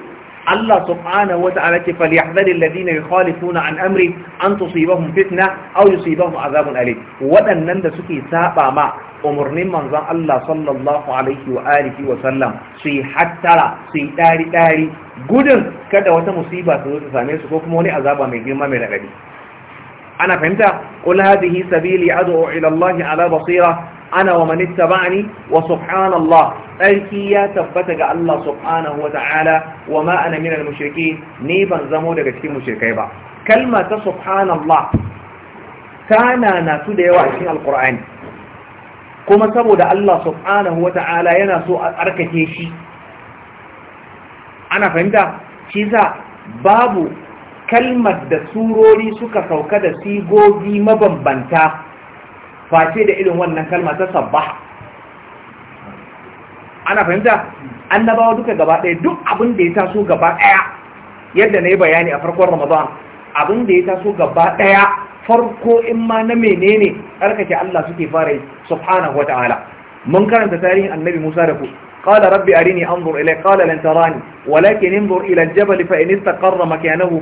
Allah subhanahu wa ta'ala ke falyahdhar alladhina yukhalifuna an amri an tusibahum fitna aw yusibahum azabun alim wadannan da suke saba ma umurnin manzon Allah sallallahu alaihi wa alihi wa sallam su hattara su dari dari gudun kada wata musiba ta zo ta same su ko kuma wani azaba mai girma mai radadi ana fahimta qul hadhihi sabili ad'u ila Allah ala basira ana wa man ittaba'ani wa subhanallah tsarki ya tabbata ga Allah subhanahu wa ta'ala wa ma'ana ana minal ne ban zamo daga cikin mushrikai ba kalma ta subhanallah tana na su da yawa a cikin alkur'ani kuma saboda Allah subhanahu wa ta'ala yana so a tsarkake shi ana fahimta shi za babu kalmar da surori suka sauka da sigogi mabambanta face da irin wannan kalma ta sabbah ana fahimta annabawa duka gaba ɗaya duk abin da ya taso gaba ɗaya yadda na yi bayani a farkon ramadan abin da ya taso gaba ɗaya farko in ma na menene tsarkake Allah suke fara yi subhanahu wata'ala mun karanta tarihin annabi Musa da ku qala rabbi arini anzur ilayka qala lan tarani walakin anzur ila al-jabal fa in istaqarra makanahu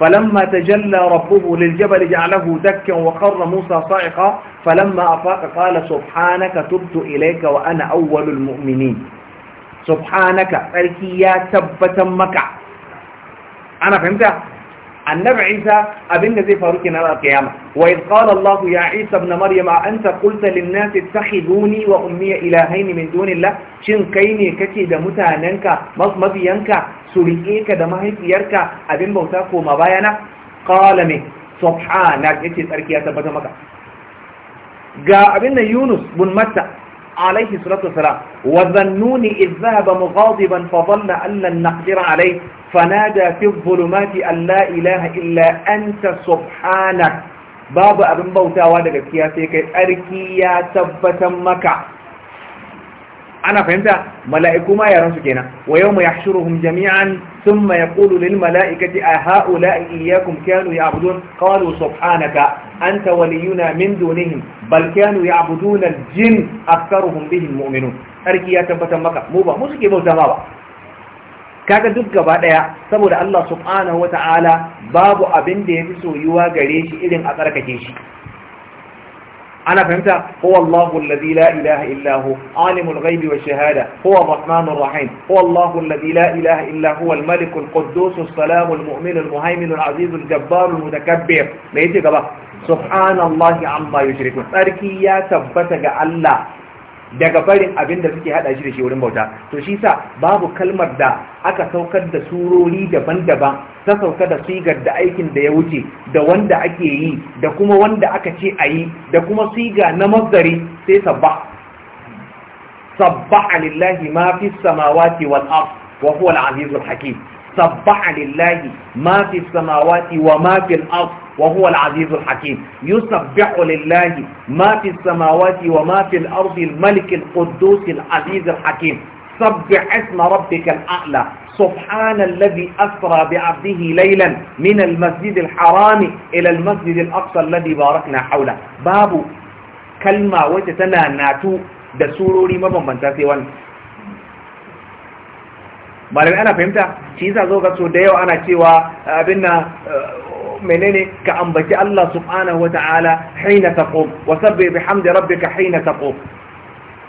فلما تجلى ربه للجبل جعله دكا وقر موسى صائقا فلما أفاق قال سبحانك تبت إليك وأنا أول المؤمنين سبحانك تركيا تبتا مكع أنا فهمتها النبع عيسى أبن زي فاروق نرى القيامة وإذ قال الله يا عيسى ابن مريم أنت قلت للناس اتخذوني وأمي إلهين من دون الله شنكيني كتيد كتي دا متاننك مضمضينك su riƙe ka da mahaifiyarka abin bauta koma bayana qala subhana. subhanak ce tsarki ya tabbata maka ga abin da Yunus bin Matta alaihi salatu wassalam wa dhannuni idh dhahaba mughadiban fa dhanna an lan naqdira fa fanada fi dhulumati an la ilaha illa anta subhana babu abin bautawa daga gaskiya sai kai tsarki ya tabbatar maka ana fahimta mala'iku ma yaran su kenan wa yawma yahshuruhum jami'an thumma yaqulu lil mala'ikati a ha'ula'i iyyakum kanu ya'budun qalu subhanaka anta waliyuna min dunihim bal kanu ya'buduna al-jinn aktharuhum bihim mu'minun sarki ya tabbatar maka mu ba mu suke bauta ba kaga duk gaba daya saboda Allah subhanahu ta'ala babu abin da yafi soyuwa gare shi irin a tsarkake shi ana fahimta huwa Allahu alladhi la ilaha illa hu alimul wa shahada huwa arrahmanur rahim huwa Allahu alladhi la ilaha illa mutakabbir me subhanallahi sarki ya tabbata ga Allah daga farin abin da suke hada shi da shi wurin bauta to shi sa babu kalmar da aka saukar da surori daban-daban ta sauka da sigar da aikin da ya wuce da wanda ake yi da kuma wanda aka ce a yi da kuma siga na mazari sai sabba sabba alillahi ma fi samawati wal af wa huwa al-azizul hakim sabba lillahi ma fi samawati wa ma fil af وهو العزيز الحكيم يسبح لله ما في السماوات وما في الأرض الملك القدوس العزيز الحكيم سبح اسم ربك الأعلى سبحان الذي أسرى بعبده ليلا من المسجد الحرام إلى المسجد الأقصى الذي باركنا حوله باب كلمة وجتنا ناتو da surori mabambanta sai wani malami ana fahimta shi yasa zo ga so da yawa ana cewa abin na menene ka ambaci Allah subhanahu wata'ala hina taqum wa sabbi bihamdi rabbika hina taqum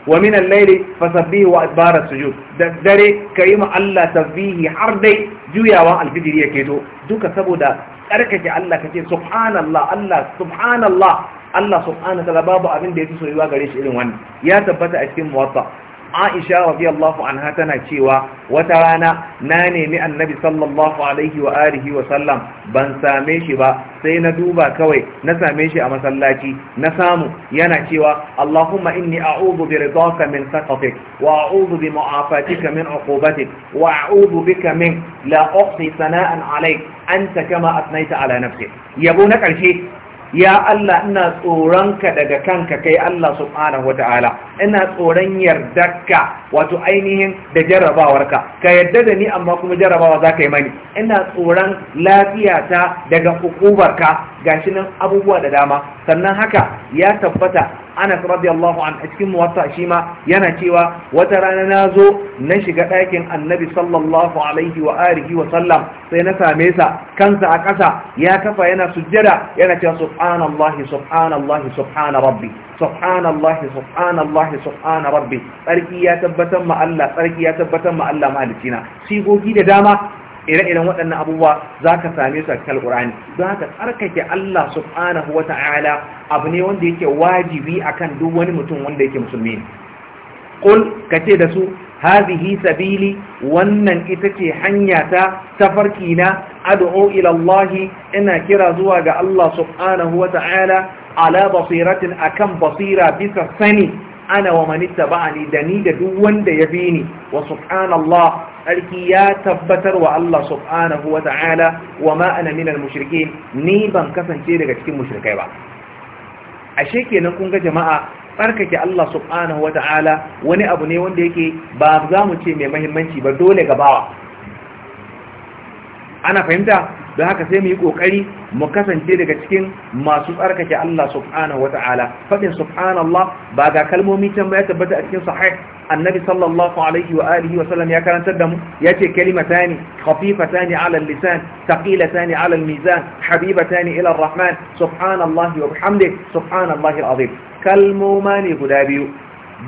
wa min al-layli fasabbihi wa adbara sujud dare kai ma Allah tasbihi har dai juyawa al-fitr yake to duka saboda tsarkake Allah kace subhanallah Allah subhanallah Allah subhanahu wa ta'ala babu abin da yake soyuwa gare shi irin wannan ya tabbata a cikin muwatta aisha radiyallahu anha tana cewa wata rana na nemi annabi sallallahu alaihi wa alihi wa sallam ban same shi ba sai na duba kawai na same shi a masallaci na samu yana cewa allahumma inni a'udhu bi ridaka min sakatik wa a'udhu bi mu'afatika min uqubatik wa a'udhu bika min la uhsi sana'an alayk anta kama asnaita ala nafsi yabo na karshe ya Allah ina tsoronka daga kanka kai Allah subhanahu ta'ala ina tsoron yardarka wato ainihin da jarrabawarka ka yarda da ni amma kuma jarrabawa za ka yi mani ina tsoron lafiyata daga hukubarka gashi nan abubuwa da dama sannan haka ya tabbata Anas radiyallahu an a cikin muwatta shi ma yana cewa wata rana na zo na shiga ɗakin annabi sallallahu alaihi wa wa sallam sai na same sa kansa a ƙasa ya kafa yana sujjada yana cewa subhanallahi subhanallahi subhana rabbi subhanallahi subhanallahi subhana rabbi tsarki ya tabbatar ma Allah tsarki ya tabbatar ma Allah mahalicina sigogi da dama ire-iren waɗannan abubuwa za ka same su a cikin alƙur'ani za ka tsarkake Allah subhanahu wa ta'ala abu ne wanda yake wajibi akan duk wani mutum wanda yake musulmi ne ƙul ka da su hazihi sabili wannan ita ce hanya ta tafarki na ad'u ila Allah ina kira zuwa ga Allah subhanahu ta'ala ala basiratin akan basira bisa sani ana wa man ittaba'ani da ni da duk wanda ya bi ni wa subhanallah sarki ya tabbatar wa Allah subhanahu ta'ala wa ma ana minal mushrikeen ni ban kasance daga cikin mushrikai ba ashe kenan kun ga jama'a tsarkake Allah subhanahu ta'ala wani abu ne wanda yake ba za mu ce mai mahimmanci ba dole gabawa ana fahimta don haka sai mu yi ƙoƙari mu kasance daga cikin masu tsarkake Allah subhanahu ta'ala fadin subhanallah ba ga kalmomi can ba ya tabbata a cikin sahih annabi sallallahu alaihi wa alihi wa sallam ya karantar da mu yace kalimatani khafifatani ala al-lisan thaqilatani ala al-mizan habibatani ila ar-rahman subhanallahi wa bihamdihi subhanallahi al-azim kalmoma ne guda biyu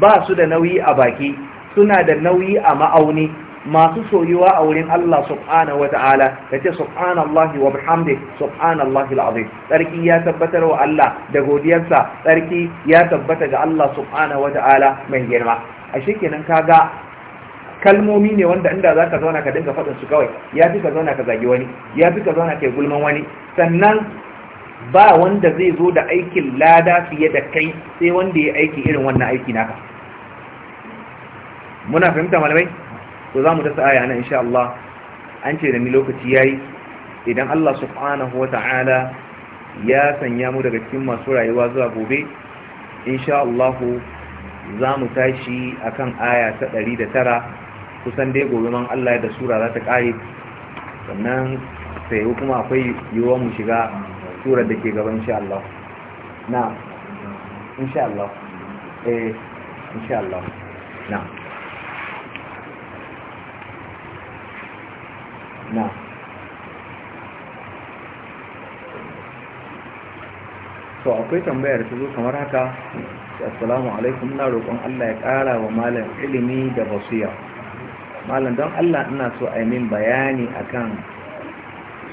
ba su da nauyi a baki suna da nauyi a ma'auni masu soyuwa a wurin Allah subhanahu wa ta'ala da ce subhanallahi wa bihamdi subhanallahi al'azim tsarki ya tabbatar wa Allah da godiyarsa tsarki ya tabbata ga Allah subhanahu wa ta'ala mai girma a shekenan kaga kalmomi ne wanda inda za ka zauna ka dinga faɗin su kawai ya fi ka zauna ka zagi wani ya fi ka zauna ka gulman wani sannan ba wanda zai zo da aikin lada fiye da kai sai wanda ya aiki irin wannan aiki naka muna fahimta malamai to za mu dasa aya na insha Allah an ce da mi lokaci yayi idan Allah subhanahu wa ta'ala ya sanya mu daga cikin masu rayuwa zuwa gobe insha Allah za mu tashi akan aya ta 109 kusan dai gobe man Allah ya da sura za ta kare sannan sai kuma akwai yiwuwar mu shiga surar da ke gaba insha Allah na insha Allah eh insha Allah na na so akwai tambayar ta zo kamar haka assalamu alaikum na roƙon Allah ya ƙara wa malam ilimi da basiya malam don Allah ina so a yi min bayani akan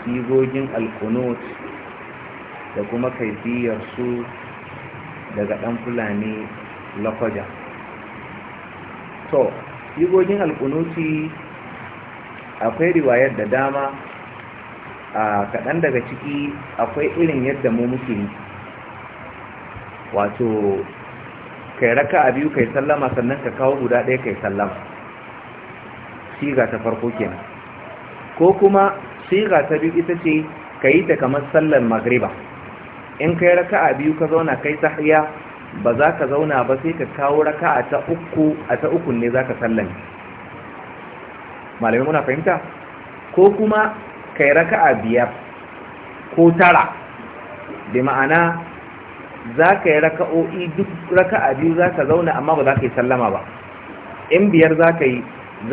sigogin alkunut da kuma kaifiyar su daga ɗan fulani lakwaja to sigogin alkunuti akwai riwayar da dama a kaɗan daga ciki akwai irin yadda mu muke wato kai raka a biyu kai sallama sannan ka kawo guda ɗaya kai sallama siga ta farko kenan ko kuma siga ta biyu ita ce ka yi ta kamar sallar magriba in kai raka'a biyu ka zauna kai tahiya ba za ka zauna ba sai ka kawo raka'a ta uku a ta uku ne za ka sallame malamai muna fahimta ko kuma kai raka'a biyar ko tara da ma'ana za ka yi raka'o'i duk raka'a biyu za ka zauna amma ba za ka yi sallama ba in biyar za ka yi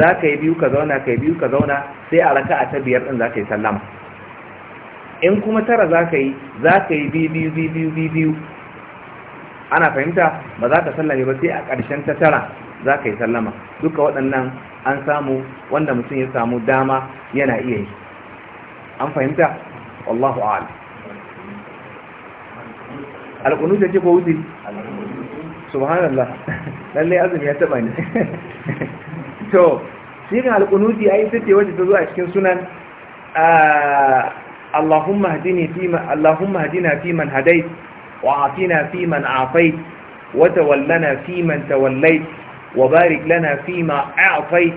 za ka yi biyu ka zauna ka yi biyu ka zauna sai a raka'a ta biyar ɗin za ka yi sallama in kuma tara za ka yi za ka yi biyu biyu biyu biyu ana fahimta ba za ka sallame ba sai a ƙarshen ta tara za ka yi sallama duka waɗannan an samu wanda mutum ya samu dama yana iya yi an fahimta wallahu a'ala alƙunu ta ce ko wuce subhanallah [laughs] lallai azumi ya taɓa ne [laughs] to shi ne alƙunuti a yi ce wacce ta zo a cikin sunan ah, اللهم اهدني فيما اللهم اهدنا فيمن هديت وعافنا فيمن عافيت وتولنا فيمن توليت وبارك لنا فيما أعطيت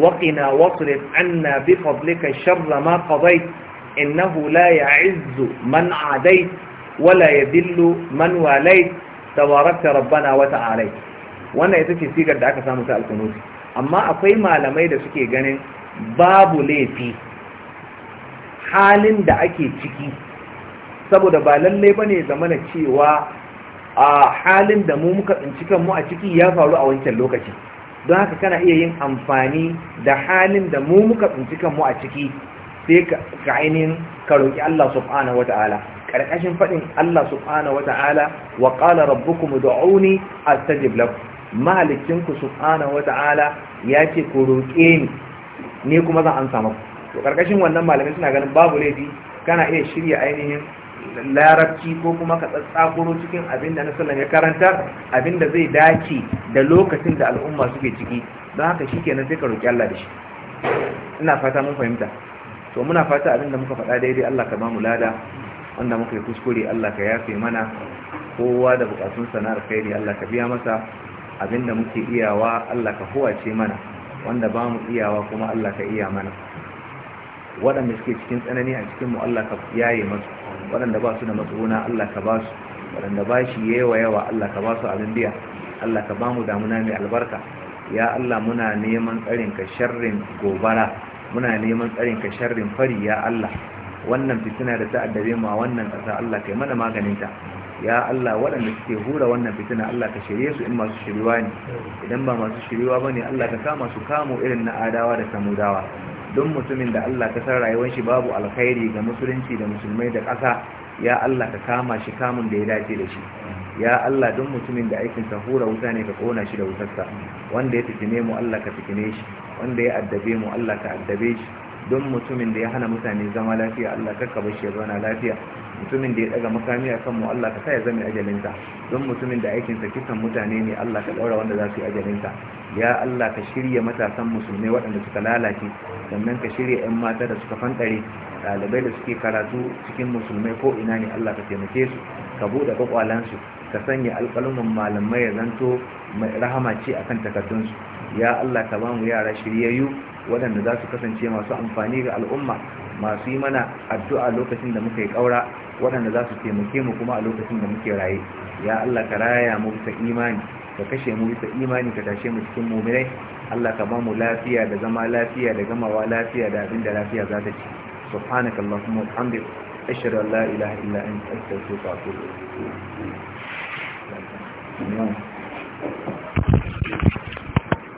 وقنا واصرف عنا بفضلك شر ما قضيت إنه لا يعز من عاديت ولا يذل من واليت تباركت ربنا وتعاليت wannan ita ce sigar da aka samu ta alkunuti amma akwai malamai da suke ganin babu laifi halin da ake ciki saboda ba lallai ba bane zamana cewa a halin da mu muka tsinci kanmu a ciki ya faru a wancan lokaci don haka kana iya yin amfani da halin da mu muka tsinci kanmu a ciki sai ka ainihin ka roƙi Allah subhanahu wata'ala ƙarƙashin faɗin Allah subhanahu wata'ala wa qala rabbukum ud'uni astajib lakum mahalicinku subhanahu wata'ala ya ce ku roƙe ni ne kuma zan amsa maku to karkashin wannan malamai suna ganin babu laifi kana iya shirya ainihin larabci ko kuma ka tsatsakuro cikin abinda da nasalan ya karanta abinda zai dace da lokacin da al'umma suke ciki don haka shi kenan sai ka roƙi Allah da shi ina fata mun fahimta to muna fata abin da muka faɗa daidai Allah ka ba mu lada wanda muka yi kuskure Allah ka yafe mana kowa da bukatun sana'ar kairi Allah ka biya masa abinda muke iyawa Allah ka huwace mana wanda ba mu iyawa kuma Allah ka iya mana waɗanda suke cikin tsanani a cikin mu Allah ka yaye masu waɗanda ba su da matsuguna Allah ka ba su waɗanda ba shi yawa yawa Allah ka ba su abin biya Allah ka ba mu damuna mai albarka ya Allah muna neman tsarin ka sharrin gobara muna neman tsarin ka sharrin fari ya Allah wannan fitina da ta addabe mu a wannan ƙasa Allah kai mana maganinta ya Allah waɗanda suke hura wannan fitina Allah ka shirye su in masu shiriwa ne idan ba masu shiriwa bane Allah ka kama su kamo irin na adawa da samudawa don mutumin da Allah ka san rayuwar shi babu alkhairi ga musulunci da musulmai da ƙasa ya Allah ka kama shi kamun da ya dace da shi ya Allah don mutumin da aikin sa hura wuta ne ka kona shi da wutarsa wanda ya fitine mu Allah ka fitine shi wanda ya addabe mu Allah ka addabe shi don mutumin da ya hana mutane zama lafiya Allah ka kaba shi ya zauna lafiya mutumin da ya daga makami a kanmu Allah ka sa ya zama ajalinsa don mutumin da aikinsa kisan mutane ne Allah ka daura wanda za su yi ajalinsa ya Allah ka shirya matasan musulmai waɗanda suka lalace sannan ka shirya 'yan mata da suka fanɗare ɗalibai da suke karatu cikin musulmai ko ina ne Allah ka taimake su ka buɗe kwakwalansu ka sanya alƙalumin malamai ya zanto rahama ce akan takardunsu ya Allah ka ba mu yara shiryayyu waɗanda za su kasance masu amfani ga al'umma masu yi mana addu'a lokacin da muka yi ƙaura waɗanda za su taimake mu kuma a lokacin da muke raye ya Allah ka raya mu bisa imani ka kashe mu bisa imani ka tashe mu cikin muminai Allah ka ba mu lafiya da zama lafiya da gamawa lafiya da abinda lafiya za ta ci subhanaka allahumma wa bihamdika ashhadu an la ilaha illa anta astaghfiruka wa atubu ilayk